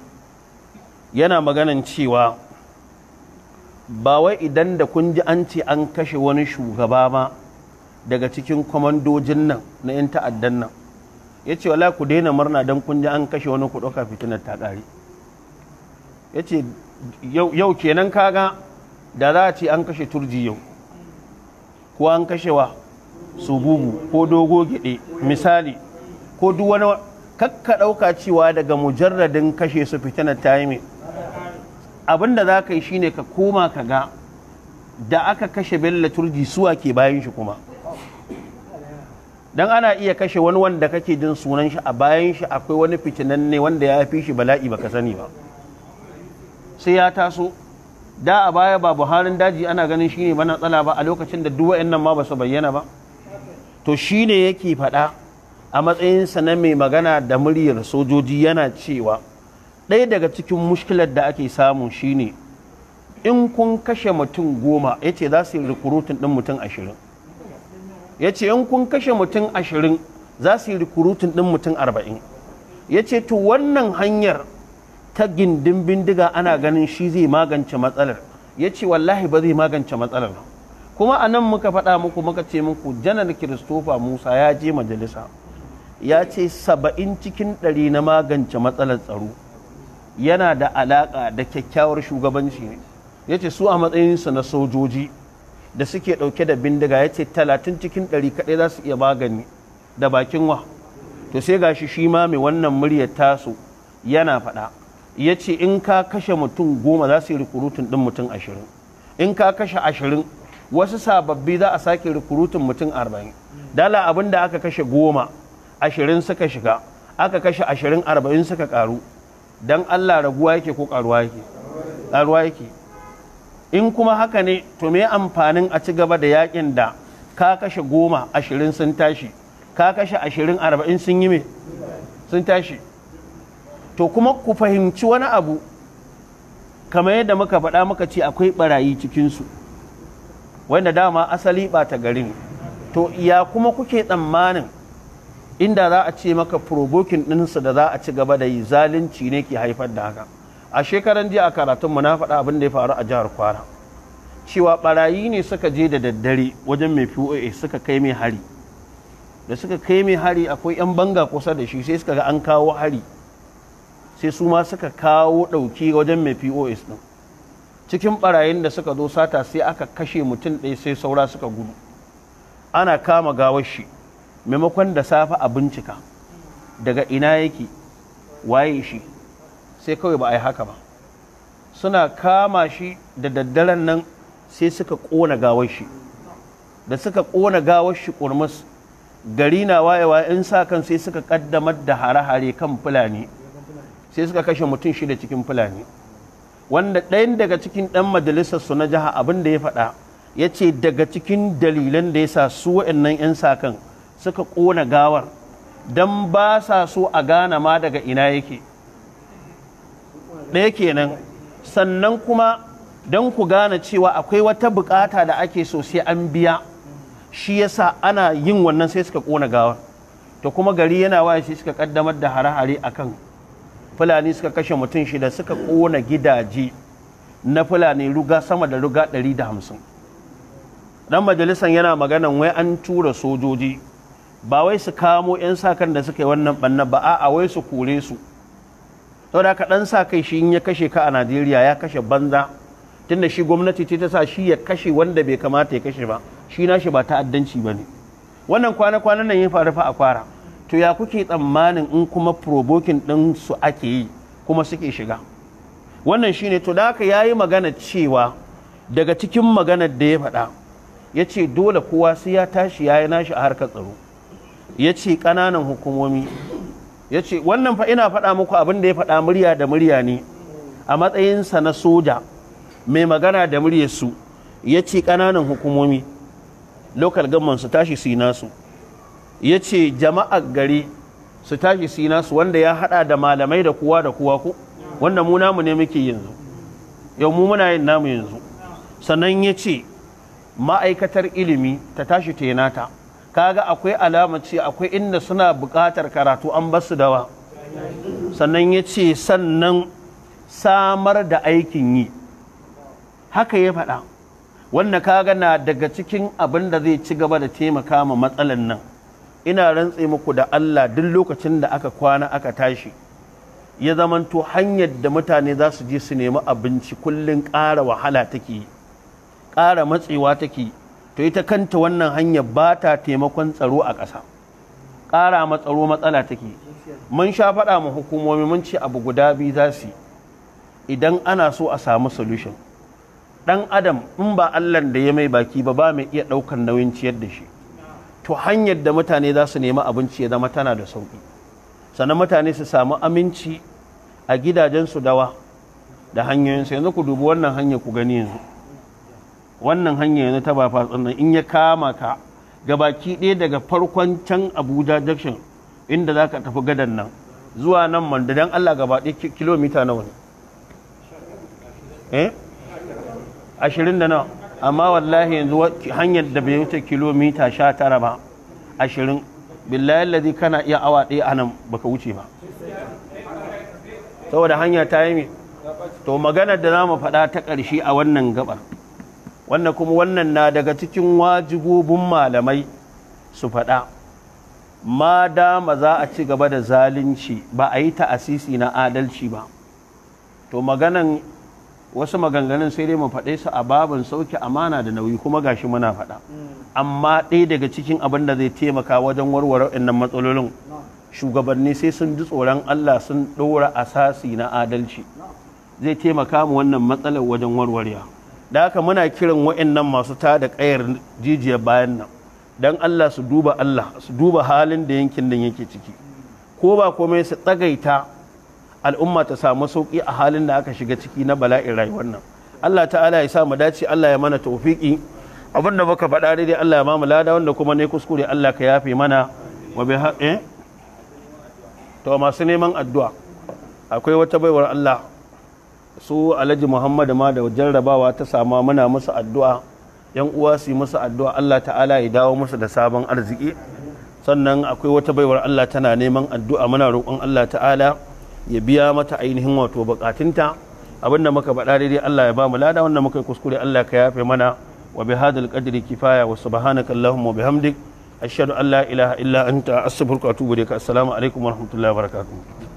yana maganan cewa ba wai idan da kun ji an ce an kashe wani shugaba ma daga cikin kwamandojin nan na 'yan ta'addan nan ya ce wala ku daina murna don kun ji an kashe wani ku ɗauka fitinar ta ƙari ya ce yau kenan kaga da za a ce an kashe turji yau ko an kashewa sububu ko dogo gide misali ko duk wani kakka ɗauka cewa daga mujarradin kashe su fitinar ta yi mai abin da za ka yi shine ka koma ka ga da aka kashe bello turji suwa ke bayan shi kuma dan ana iya kashe wani wanda kake jin sunan shi a bayan shi akwai wani ne wanda ya fi shi bala'i ba ka sani ba sai ya taso da a baya ba buharin daji ana ganin shine ba tsala ba a lokacin da duwa nan ma ba su bayyana ba to shine yake faɗa a matsayinsa na mai magana da muryar sojoji yana cewa ɗaya daga cikin mushkilar da ake samu shine in kun kashe mutum goma ya ce za su yi rikurutun ɗin mutum ashirin ya ce in kun kashe mutum ashirin za su yi rikurutun ɗin mutum arba'in ya ce to wannan hanyar ta gindin bindiga ana ganin shi zai magance matsalar ya ce wallahi ba zai magance matsalar kuma a nan muka faɗa muku muka ce muku janar kiristofa musa ya je majalisa ya ce saba'in cikin ɗari na magance matsalar tsaro yana da alaƙa da kyakkyawar shugabanci ne ya ce su a su na sojoji da suke ɗauke da bindiga ya ce talatin cikin ɗari kaɗai za su iya magani da bakin wa to sai gashi shi ma mai wannan muryar taso yana faɗa ya ce in ka kashe mutum goma za su yi rikurutun ɗin mutum ashirin in ka kashe ashirin wasu sababbi za a sake rikurutun mutum arba'in dala abin da aka kashe goma ashirin suka shiga aka kashe ashirin arba'in suka karu Don Allah raguwa yake ko karuwa yake karuwa yake in kuma haka ne to me amfanin a ci gaba da yakin da ka kashe goma ashirin sun tashi ka kashe ashirin arba'in sun yi me sun tashi to kuma ku fahimci wani abu kamar yadda muka faɗa muka ce akwai barayi cikinsu wanda dama asali bata garin to iya kuma kuke tsammanin inda za a ce maka provoking ɗinsu da za a ci gaba da yi zalunci ne ke haifar da haka a shekaran jiya a karatun mu na faɗa abin da ya faru a jihar kwara cewa barayi ne suka je da daddare wajen mai poa suka kai mai hari da suka kai mai hari akwai 'yan banga kusa da shi sai suka ga an kawo hari sai su ma suka kawo ɗauki wajen mai pos ɗin cikin barayin da suka zo sata sai aka kashe mutum ɗaya sai saura suka gudu ana kama gawar shi maimakon da safe a bincika daga ina yake waye shi sai kawai ba a yi haka ba suna kama shi da daddaren nan sai suka ƙona gawar shi da suka ƙona gawar shi ƙurmus gari na wayewa in sa kan sai suka ƙaddamar da hare-hare kan fulani sai suka kashe mutum shi da cikin fulani wanda ɗayan daga cikin ɗan majalisar su na jiha abin da ya faɗa ya ce daga cikin dalilan da ya sa su waɗannan 'yan sa kan suka ƙona gawar don ba sa so a gane ma daga ina yake ɗaya kenan sannan kuma don ku gane cewa akwai wata bukata da ake so sai an biya shi yasa ana yin wannan sai suka ƙona gawar to kuma gari yana waye sai suka kaddamar da hare-hare a kan fulani suka kashe mutum shida suka ƙona gidaje na fulani ruga sama da ruga 150 ɗan majalisan yana maganan wai an tura sojoji ba wai su kamo 'yan sakan da suka yi wannan banna ba a wai su kore su sau da ɗan sa kai shi in ya kashe ka a najeriya ya kashe banza tunda shi gwamnati ce ta sa shi ya kashe wanda bai kamata ya kashe ba shi na shi ba ta'addanci ba ne wannan kwana kwana nan ya faru fa a kwara to ya kuke tsammanin in kuma provoking ɗin su ake yi kuma suke shiga wannan shi ne to da ya yi magana cewa daga cikin maganar da ya faɗa ya ce dole kowa sai ya tashi ya yi nashi a harkar tsaro ya ce ƙananan hukumomi ya ce wannan fa ina faɗa muku abin da ya faɗa murya da murya ne a matsayinsa na soja mai magana da muryarsu ya ce ƙananan hukumomi local government su tashi su nasu ya ce jama'ar gari su tashi su nasu wanda ya haɗa da malamai da kowa da kowa ku wanda mu namu ne muke yanzu yau mu muna yin namu yanzu sannan ya ce ma'aikatar ilimi ta tashi ta nata kaga akwai alamaci ce akwai inda suna buƙatar karatu an basu dawa sannan ya ce sannan samar da aikin yi haka ya faɗa wanda kaga na daga cikin abin da zai ci gaba da taimaka ma matsalan nan ina rantse muku da Allah duk lokacin da aka kwana aka tashi ya zamanto hanyar da mutane za su je su nemi abinci kullum ƙara wahala take ƙara matsewa take to ita kanta wannan hanya ba ta taimakon tsaro a ƙasa ƙara ma tsaro matsala take mun sha faɗa ma hukumomi mun ce abu guda biyu za su idan ana so a samu solution ɗan adam in ba allah da ya mai baki ba ba mai iya ɗaukar nauyin ciyar da shi to hanyar da mutane za su nemi abinci ya zama tana da sauƙi sannan mutane su samu aminci a gidajensu dawa da hanyoyinsu yanzu ku dubi wannan hanyar ku gani yanzu wannan hanya yana ta bypass ɗin in ya kama ka gabaki ɗaya daga farkon can abuja junction inda za ka tafi gadan nan zuwa nan man da allah gaba ɗaya kilomita nawa ne eh ashirin da nawa amma wallahi yanzu hanyar da bai wuce kilomita sha tara ba ashirin billahi ladi kana iya awa ɗaya a nan baka wuce ba saboda hanya ta yi to maganar da za mu faɗa ta ƙarshe a wannan gabar wannan kuma wannan na daga cikin wajibobin malamai su faɗa ma dama za a ci gaba da zalunci ba a yi ta'asisi na adalci ba to maganan wasu maganganun sai dai mu faɗe su a babin sauki amana da nauyi kuma gashi muna faɗa mm. amma ɗaya daga cikin abin da zai taimaka wajen warware waɗannan matsalolin shugabanni sai sun ji tsoron Allah sun ɗora asasi na adalci zai taimaka mu wannan matsalar wajen warwarewa da haka muna kiran wa'annan masu ta da ƙayar jijiyar bayan nan don Allah su duba Allah su duba halin da yankin nan yake ciki ko ba komai su tsagaita al'umma ta samu sauƙi a halin da aka shiga ciki na bala'in rayuwar nan Allah ta'ala ya sa mu dace Allah ya mana tawfiki abin da muka faɗa daidai Allah ya mamu lada wanda kuma ne kuskure Allah ka yafe mana wa bi eh? to masu neman addu'a akwai wata baiwar Allah su alhaji muhammadu ma da jarrabawa ta sama muna musu addu'a yan uwa su yi musu addu'a Allah ta'ala ya dawo musu da sabon arziki sannan akwai wata baiwar Allah tana neman addu'a muna roƙon Allah ta'ala ya biya mata ainihin wato bukatunta abinda muka faɗa daidai Allah ya ba lada wanda muka yi kuskure Allah ka yafe mana wa bi hadal qadri kifaya wa subhanaka allahumma wa bihamdik ashhadu an la ilaha illa anta astaghfiruka wa atubu ilaik assalamu alaikum wa rahmatullahi wa barakatuh